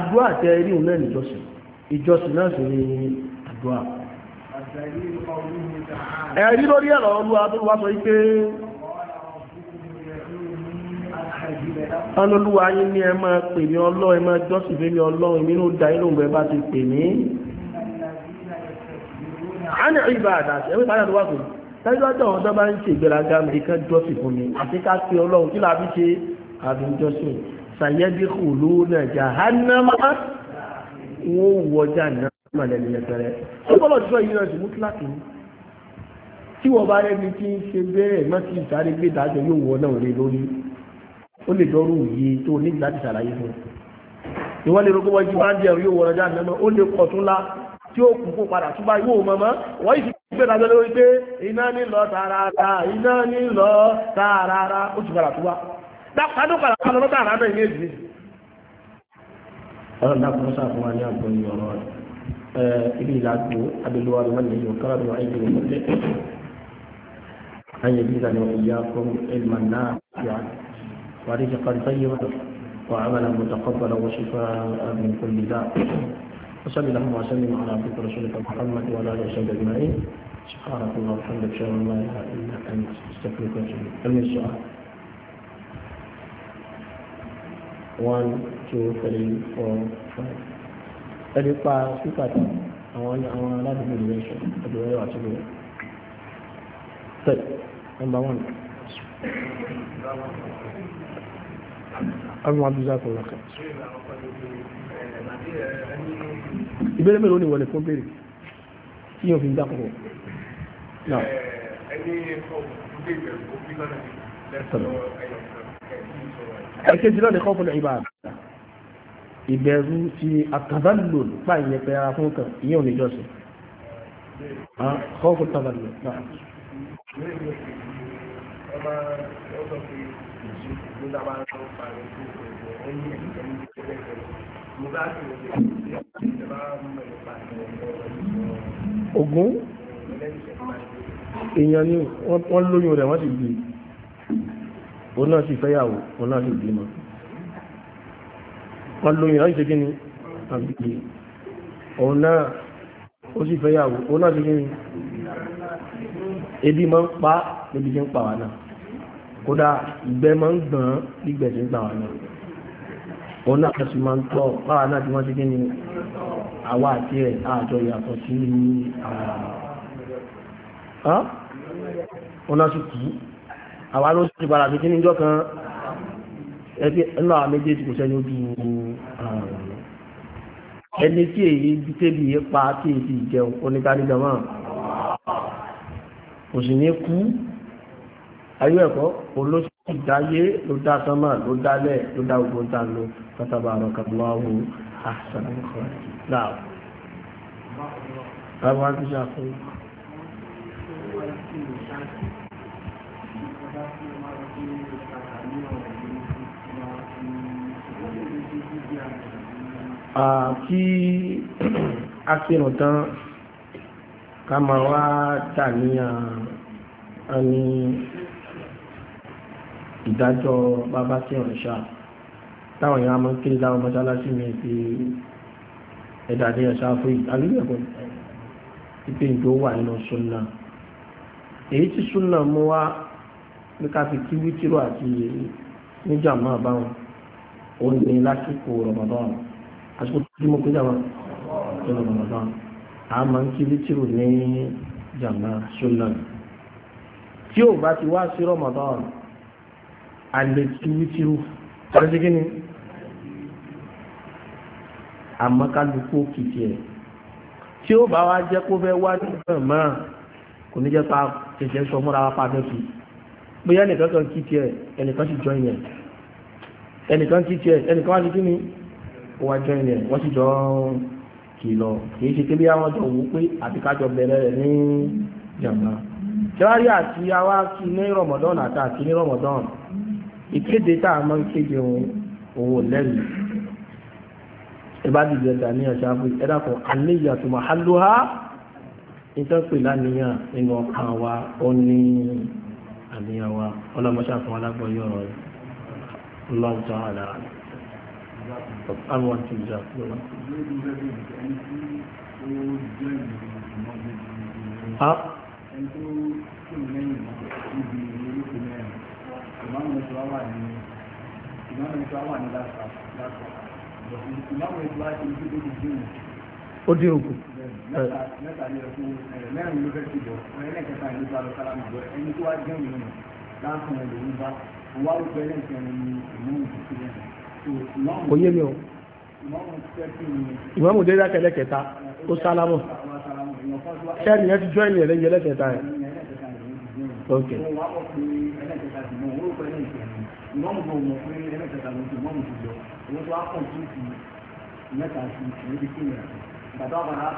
Speaker 2: pé ìjọsìn náà sì ní àdúrà ẹ̀rí lórí ẹ̀rọ olúwa tó wá sọ wípé
Speaker 3: ọlọ́lúwa yín ní ẹ máa pè mí ọlọ́ ẹ máa jọ́sìn fẹ́ mi ọlọ́run èmi ló da inú rẹ̀ bá ti pè mí a ní ìgbà
Speaker 2: àdàtì ẹ̀wẹ́ tàbí àdúrà kò tẹ́jọ́ àjọ àwọn ọ̀dọ́ bá ń ṣe ìgbéraga mi kan jọ́sìn fún mi àti ká pe ọlọ́run kí làá fi ṣe àdújọ́sìn sàyẹ́dí kò lóòrùn ẹ̀jà hánámá wọ́n wọjá náà lẹ́nu yẹpẹrẹ ọgbọ́lọ̀ tí wọ́n yí náà sì mú kíláàkì ní tí wọ́n bá rẹ́ni tí ń ṣe bẹ́ẹ̀ má ti sáré gbé dájọ́ yóò wọ náà rẹ lórí ó lè dọ́rù yí tó ní láti ṣàlàyé fún un ìwọ́n lè rogbo wọn jí máa ń jẹun yóò wọ ọjà náà ó lè kọ̀ tún lá tí ó kún kó padà tún bá yóò mọ̀mọ́ wọ́n yìí ti gbé dájọ́ lórí pé iná ní lọ iná ní lọ ó ti padà tún wá dákàdó ọlọ́run dákun mọ́sá fún wa ní àgbọ̀ ní ọ̀rọ̀ rẹ̀ ibi ìlàgbò abẹ́lúwa ló wọ́n lè yọ kára ló ayé ìlú mọ́lẹ̀ ayé bí ìlànà ìyá fún ilmà náà yà wà ní ìjọba ìfẹ́yẹ wọn wà àmàlà mọ̀tàkọ́bọ̀lá wọ́n ṣe fún àmì ìkọlì dá وصلي اللهم وسلم على عبدك ورسولك محمد وعلى اله وصحبه اجمعين سبحانك اللهم وبحمدك اشهد ان لا اله الا انت استغفرك واتوب اليك one two three four five ẹni pa sípà tán àwọn àwọn aládùúgbò lè ṣe ẹgbẹ̀rún ẹ̀rọ àti ìgbẹ̀rún. third number one. àwọn abúlé kò lọ́kàn. ìbéèrè mélòó ni wọlé fún béèrè tí yóò fi ń dákọ̀ọ́. ẹni
Speaker 1: ọ̀gbìn lè bẹ̀rù òbí lọ́nà ẹ̀sọ́ ẹ̀yọ̀ ẹ̀kejì náà
Speaker 2: ní kọ́fún ìbáàdà ìbẹ̀rù ti àtàbálò pa ìyẹn pé ara fún kan ìyẹn ò ní jọ́sìn kọ́fún tàbálò náà.
Speaker 3: ogun ni
Speaker 2: wọ́n lóyún rẹ̀ wọ́n sì gbé òun náà sì fẹ́yàwó òun náà sì bímọ wọ́n lóyún ọ́ ìṣe kíni àbíkì òun náà ó sì fẹ́yàwó òun náà sì kíni ebi máa ń pa níbi tí ń pa wà náà kódà ìgbẹ́ máa ń gbọ̀n nígbẹ̀ tí ń pa wà náà òun náà kẹsì máa ń tọ́ báwa náà tí wọ́n ti kíni àwa àti ẹ̀ àjọ ìyàtọ̀ sí ara òun náà sì kú àwa ló ti padà fi kíní ìjọ kan ẹgbẹ́ ẹ̀nà àwọn méjèèjì kò sẹ́yìn ojú ẹni tí èyí tẹ́bi pa tí èyí ti jẹun oníkaníjàmá kò sì ní kú ayé ẹ̀kọ́ olóṣèlú dáyé ló dá sánmà ló dálẹ̀ ló dá gbogbo ta lọ pátábà àrọ̀ kàbúwáwò àṣàrà kí a kírun tán ká máa wá dà ní àní ìdájọ́ bàbá tí ọ̀rọ̀ ṣáà táwọn èèyàn máa ń kí láwọn mọ́ṣáláṣí mi ti ẹ̀dà ní ẹ̀ṣá fún àlúgbẹ̀kọ́ ìpé ìjọ wà nínú súnà èyí tí súnà mú wá ní ká fi kí wítírò àti níjàmá báwọn ó ní lásìkò Ramadan àsìkò tí mo péjà wa nínú Ramadan a máa ń kí lítìrù ní jàmbá ṣọlọ́nù tí ò bá ti wá sí Ramadan a lè tú lítìrù tàbí kí ni àmọ́ kálukú kìkì ẹ̀ tí ó bá wá jẹ́ kó fẹ́ wá nígbà mìíràn kò ní jẹ́ pa kẹ̀kẹ́ sọ múra wá pa mẹ́fì bóyá ẹnìkan kan kìkì ẹ̀ ẹnìkan sì jọ ìyẹn ẹnìkan kìkì ẹ̀ ẹnìkan wá sí kí ni ó wá jọ ilẹ̀ wọ́n sì jọ kìlọ̀ kìí ṣe kébí àwọn jọ wù pé àti kájọ bẹ̀rẹ̀ rẹ̀ ní jàmbá tíwárí àti àwa kí ní rọmọdán àti àti ní rọmọdán ìkéde tá a máa ń kéde òun ò lẹ́rìí ìbádìí ìjọba ní ọ̀ṣà fún ẹ̀dàkùn àníyàn tó máa hálóhá ìtọ́pẹ̀ láníyàn nínú ọkàn wa ó ní àníyàn wa ọlọ́mọṣà fún alágbọ̀yọ̀ rẹ̀ lọ́jọ́ àdára àwọn tí ìjà lọ́wọ́. ó dín òkú.
Speaker 1: mẹ́rin ló fẹ́ ti bọ̀ ẹlẹ́kẹta kò yé mi o ìmọ̀mù dé dákẹ́ lẹ́kẹ̀ẹ́ta ó sálámù kẹ́rin yẹn ti jọ́ ìyẹn lẹ́yìn lẹ́kẹ̀ẹ́ta yẹn ok bàbá bàbá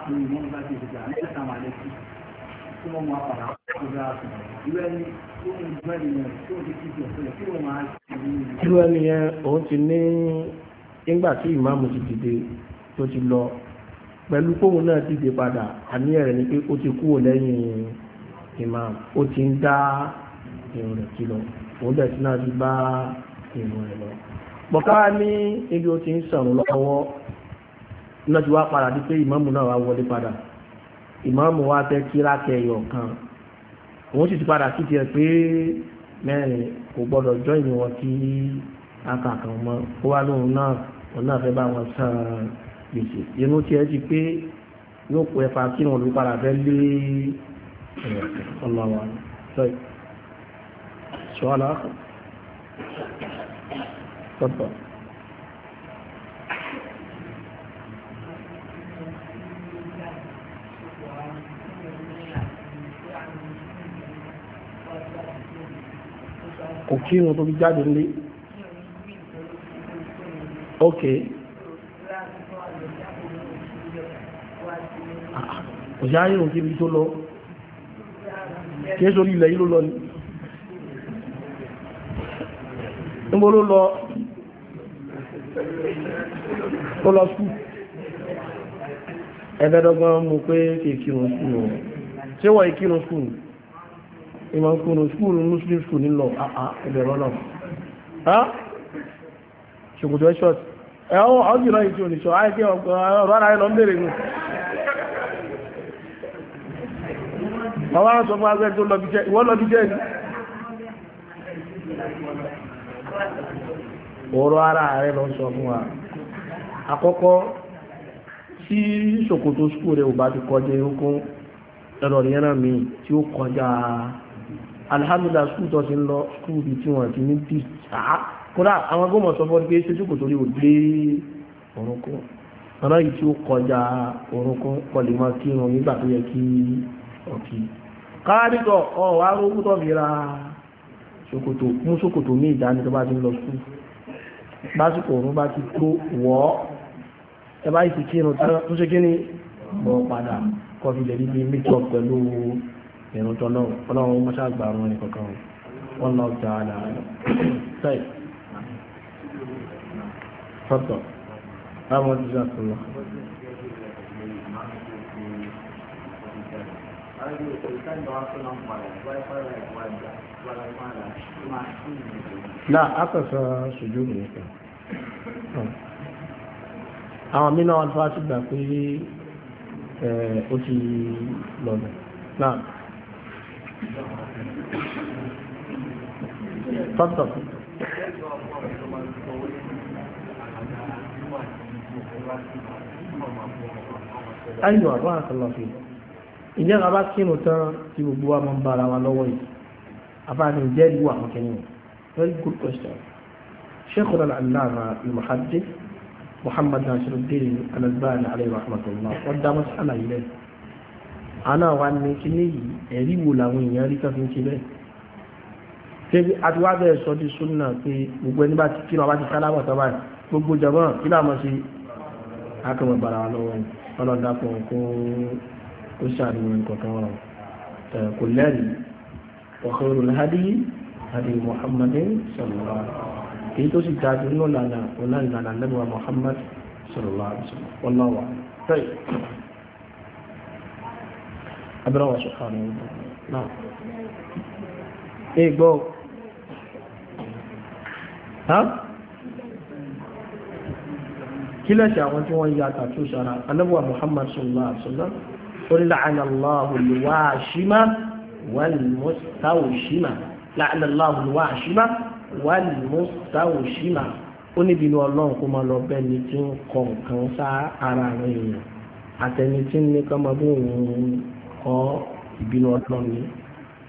Speaker 1: pé ìmọ̀mù bá ti ṣe jà mẹ́ta máa tí wọ́n máa padà tó dáa sí irú ẹni tó ń gbẹ́ ìyẹn tó ń fi kíkì ọ̀sẹ̀ kí wọ́n máa ṣe ní ìlú. irú
Speaker 3: ẹni yẹn òun ti ní nígbà tí ìmáàmù ti dìde tó ti lọ pẹ̀lú kóhun náà dìde padà àníyàn rẹ̀ ni pé ó ti kúrò
Speaker 2: lẹ́yìn ìmáàmù ó ti ń dá èrò rẹ̀ kí lọ òun dẹ̀ tí náà ti bá èrò rẹ̀ lọ. bọ̀ká ní ibi ó ti ń sọ̀rọ̀ lọ́wọ́ náà ti wá padà di ìmáàmù náà wá wọlé padà ìmáàmù wa fẹ́ kí rákẹ́ ẹyọ kan òun sì ti padà sí tiẹ̀ pé mẹ́rin kò gbọ́dọ̀ jọ ìní wọn kí aka kan mọ́ kó wá lóun náà òun náà fẹ́ bá wọn san gbèsè inú tiẹ̀ ti pé yóò kó ẹ̀fà kí wọn ló padà fẹ́ lé ọlọ́wà sọ́ọ̀lá
Speaker 3: tọ́tọ̀. kò
Speaker 2: kírun tó fi jáde lé ok kò sí ayé òun kí ibi tó lọ kìí sórí ilẹ̀ yìí ló lọ ní níbo ló lọ ó lọ skú ẹgbẹ́dọ́gbọ́n mú pé kìí kírun skú ṣé wọ́n ìkírun skú ni ìmọ̀ ìkùnù skúlù muslim school nílọ ẹgbẹ̀rọ
Speaker 3: náà
Speaker 2: ṣòkòtò ẹ̀ṣọ́t ẹ̀họ́ ọdúnrọ̀ ìtì oníṣọ́ àìkẹ́ ọ̀rọ̀ ara ẹ̀lọ́ ń bèèrè ní
Speaker 3: ọwọ́ àwọn sọ fún agbẹ́ tó lọ́bí jẹ́ ní ọ̀rọ̀ ara rẹ̀ lọ sọ fún wa àkọ́kọ́
Speaker 2: tí ṣòkòtò skúlù rẹ̀ ò bá ti kọjá ẹ̀rọ ìyẹn náà mi tí ó kọjá alhamdulillah skúù tó ti ń lọ skúù bí tí wọ́n ti ní tí àá kódà àwọn gómọ̀ sọ fọ́ pé ṣojú kò torí ò gbé orúnkún ọ̀nà yìí tí ó kọjá orúnkún kọ lè máa kírun nígbà tó yẹ kí ọ̀kì káàdìkọ̀ ọ̀wá rókú tó fi ra ṣòkòtò mú ṣòkòtò ní ìdání tó bá ti ń lọ school. básìkò òun bá ti kó wọ́ ẹ bá yìí ti kírun tó ṣe kí ni bọ̀ padà kọfí lè rí bí mítọ̀ pẹ̀lú ìrùn tọ́lọ́ ọlọ́run mọ́ṣá àgbà àrùn ẹni kankan wọn lọ jà á là sẹ́ẹ̀ sọ́tọ̀ láwọn ọdún sí àtúnlọ. náà akọ̀sọ̀ ṣojú mi nìkan àwọn mìíràn wọn tó wá gbà pé ó ti lọ́nà
Speaker 3: náà tọ́tọ̀ ayò àbá
Speaker 2: àtàlọ́fẹ́ ìjẹ́ àbá kínú tán tí gbogbo wa máa ń bára wa lọ́wọ́ yìí àbá ìjẹ́ ìwà àwọn kẹ́yìn very good question شيخنا العلامة المحدث محمد ناصر الدين الألباني عليه رحمة الله ودى مسألة إليه àná wa ní kíní yìí ẹ̀rí wo làwọn èèyàn rí tán fi ń ṣe bẹ́ẹ̀ tẹ́bí àtiwábẹ̀ sọ di súnà pé gbogbo ẹni bá ti kí wọn bá ti sálámọ̀ tó báyìí gbogbo jọmọ́ kí láàmọ́ sí akọ̀mọ̀ bàrà wa lọ́wọ́ ọlọ́dàpọ̀ kó ó ṣàdúró nǹkan wọn kò lẹ́rìí ọ̀kọ̀rọ̀ ládì àti Muhammad sọ̀rọ̀ èyí tó sì dájú náà lànà ọ̀nà ìlànà lẹ́bùwà Muhammad sọ̀rọ̀ wà sọ̀rọ̀ wọ́n abẹ́rẹ́wọ̀n sọ̀rọ̀ náà ẹgbọ́ kí lẹ́sẹ̀ àwọn tí wọ́n yà tàtú sára anábùwà Muhammad sallallahu alaihi wasallam orí la'ana Allahu al-washima wal-mustawshima la'ana Allahu al-washima wal-mustawshima ó níbi inú ọlọ́run kó máa lọ bẹ́ẹ̀ ni tí ń kọ nǹkan ara àwọn ẹ̀kọ́ ìbínú ọlọ́run ni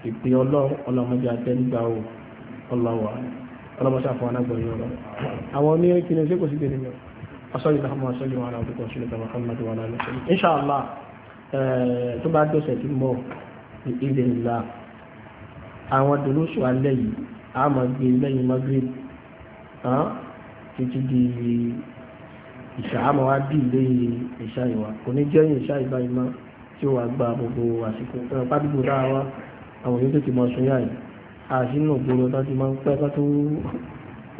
Speaker 2: ìpè ọlọ́run ọlọ́mọdé àtẹ́rígbà o ọlọ́wà ọlọ́mọdé àfọwọ́n alágbọ̀nyẹ ọlọ́ àwọn ní kíni ṣé kò sí gbèrè mi asọ́lì náà máa sọ́lì wọn àbúkọ̀ sílẹ̀ kàmá kàmá tó wà lálẹ́ sọ́lì inṣàlá eh, tó bá dọ̀sẹ̀ tí mọ̀ ní ilé ńlá àwọn dòlóṣù alẹ́ yìí a máa gbé lẹ́yìn magrib ah, títí di ìṣàmọ́ wa bí ilé ìṣàyẹ̀wà kò ní jẹ́yìn ìṣàyẹ̀bá yìí tí ó wà gba gbogbo àsìkò pàdúgbò dáhàwá àwọn yóò tètè máa sọyà yìí àṣínà gbòòrò láti máa ń pẹ́ ká tó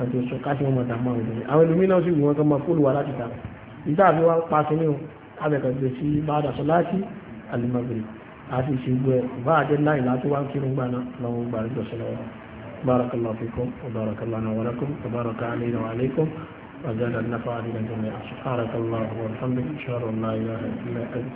Speaker 2: àti sọ káṣí wọn máa dàmú àwọn ènìyàn àwọn ẹlòmínà sì wù wọn kán máa fóònù wa láti ta ìdá àfi wá pa sí ní o abẹ́kẹ̀gbẹ̀ sí báadà sọ láti alimagiri àti ìṣègbè bá àjẹ́ láì láti wá kírun gbaná lọ́wọ́ gbàrúgbọ̀ sọlọ́wọ́ بارك الله فيكم وبارك الله ولكم وبارك علينا وعليكم وزاد النفع علينا جميعا سبحانك الله
Speaker 3: وبحمدك اشهد ان لا اله الا انت